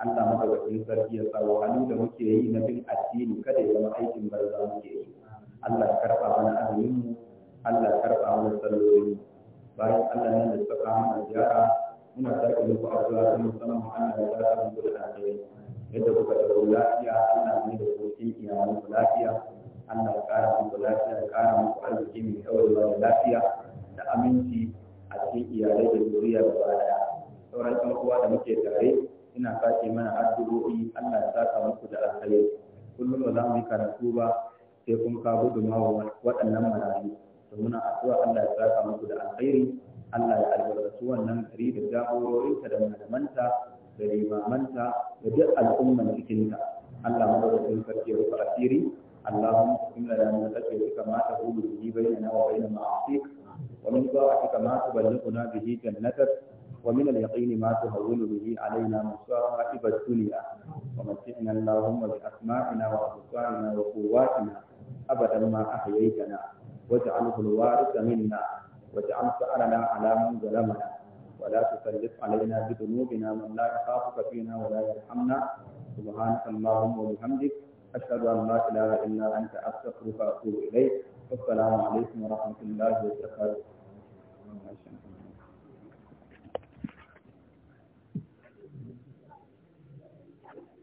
Allah madaukakin sarki ya sa wani da muke yi na bin addini kada ya zama aikin barza muke yi Allah ya karɓa mana azumin mu Allah ya karɓa mana sallolin mu bayan Allah ne da suka kawo mana ziyara muna sake muku addu'a ta musamman Allah ya ba mu da alheri yadda kuka dawo lafiya Allah ne da kokin iyalan ku lafiya Allah ya kara muku lafiya ya kara muku arziki mai daurewa da lafiya da aminci a cikin iyalai da zuriya da daya sauran ɗan da muke tare ina sake mana addu'o'i Allah ya saka muku da alheri kullum ba za mu yi karatu ba sai kun gudu ma waɗannan marayu muna addu'a Allah ya saka muku da alkhairi Allah ya albarkaci wannan gari da jagororinta da malamanta da limamanta da duk al'umman cikinta Allah madaukakin sarki ya rufe asiri اللهم اقسم لنا من خشيتك ما تقول به بيننا وبين معاصيك ومن طاعتك ما تبلغنا به جنتك ومن اليقين ما تهون به علينا مصائب الدنيا ومتعنا اللهم باسماعنا وابصارنا وقواتنا ابدا ما احييتنا واجعله الوارث منا واجعل ثأرنا على من ظلمنا ولا تسلط علينا بذنوبنا من لا يخافك فينا ولا يرحمنا سبحانك اللهم وبحمدك أشهد أن لا إله إلا أنت أستغفرك وأتوب إليك والسلام عليكم ورحمة الله وبركاته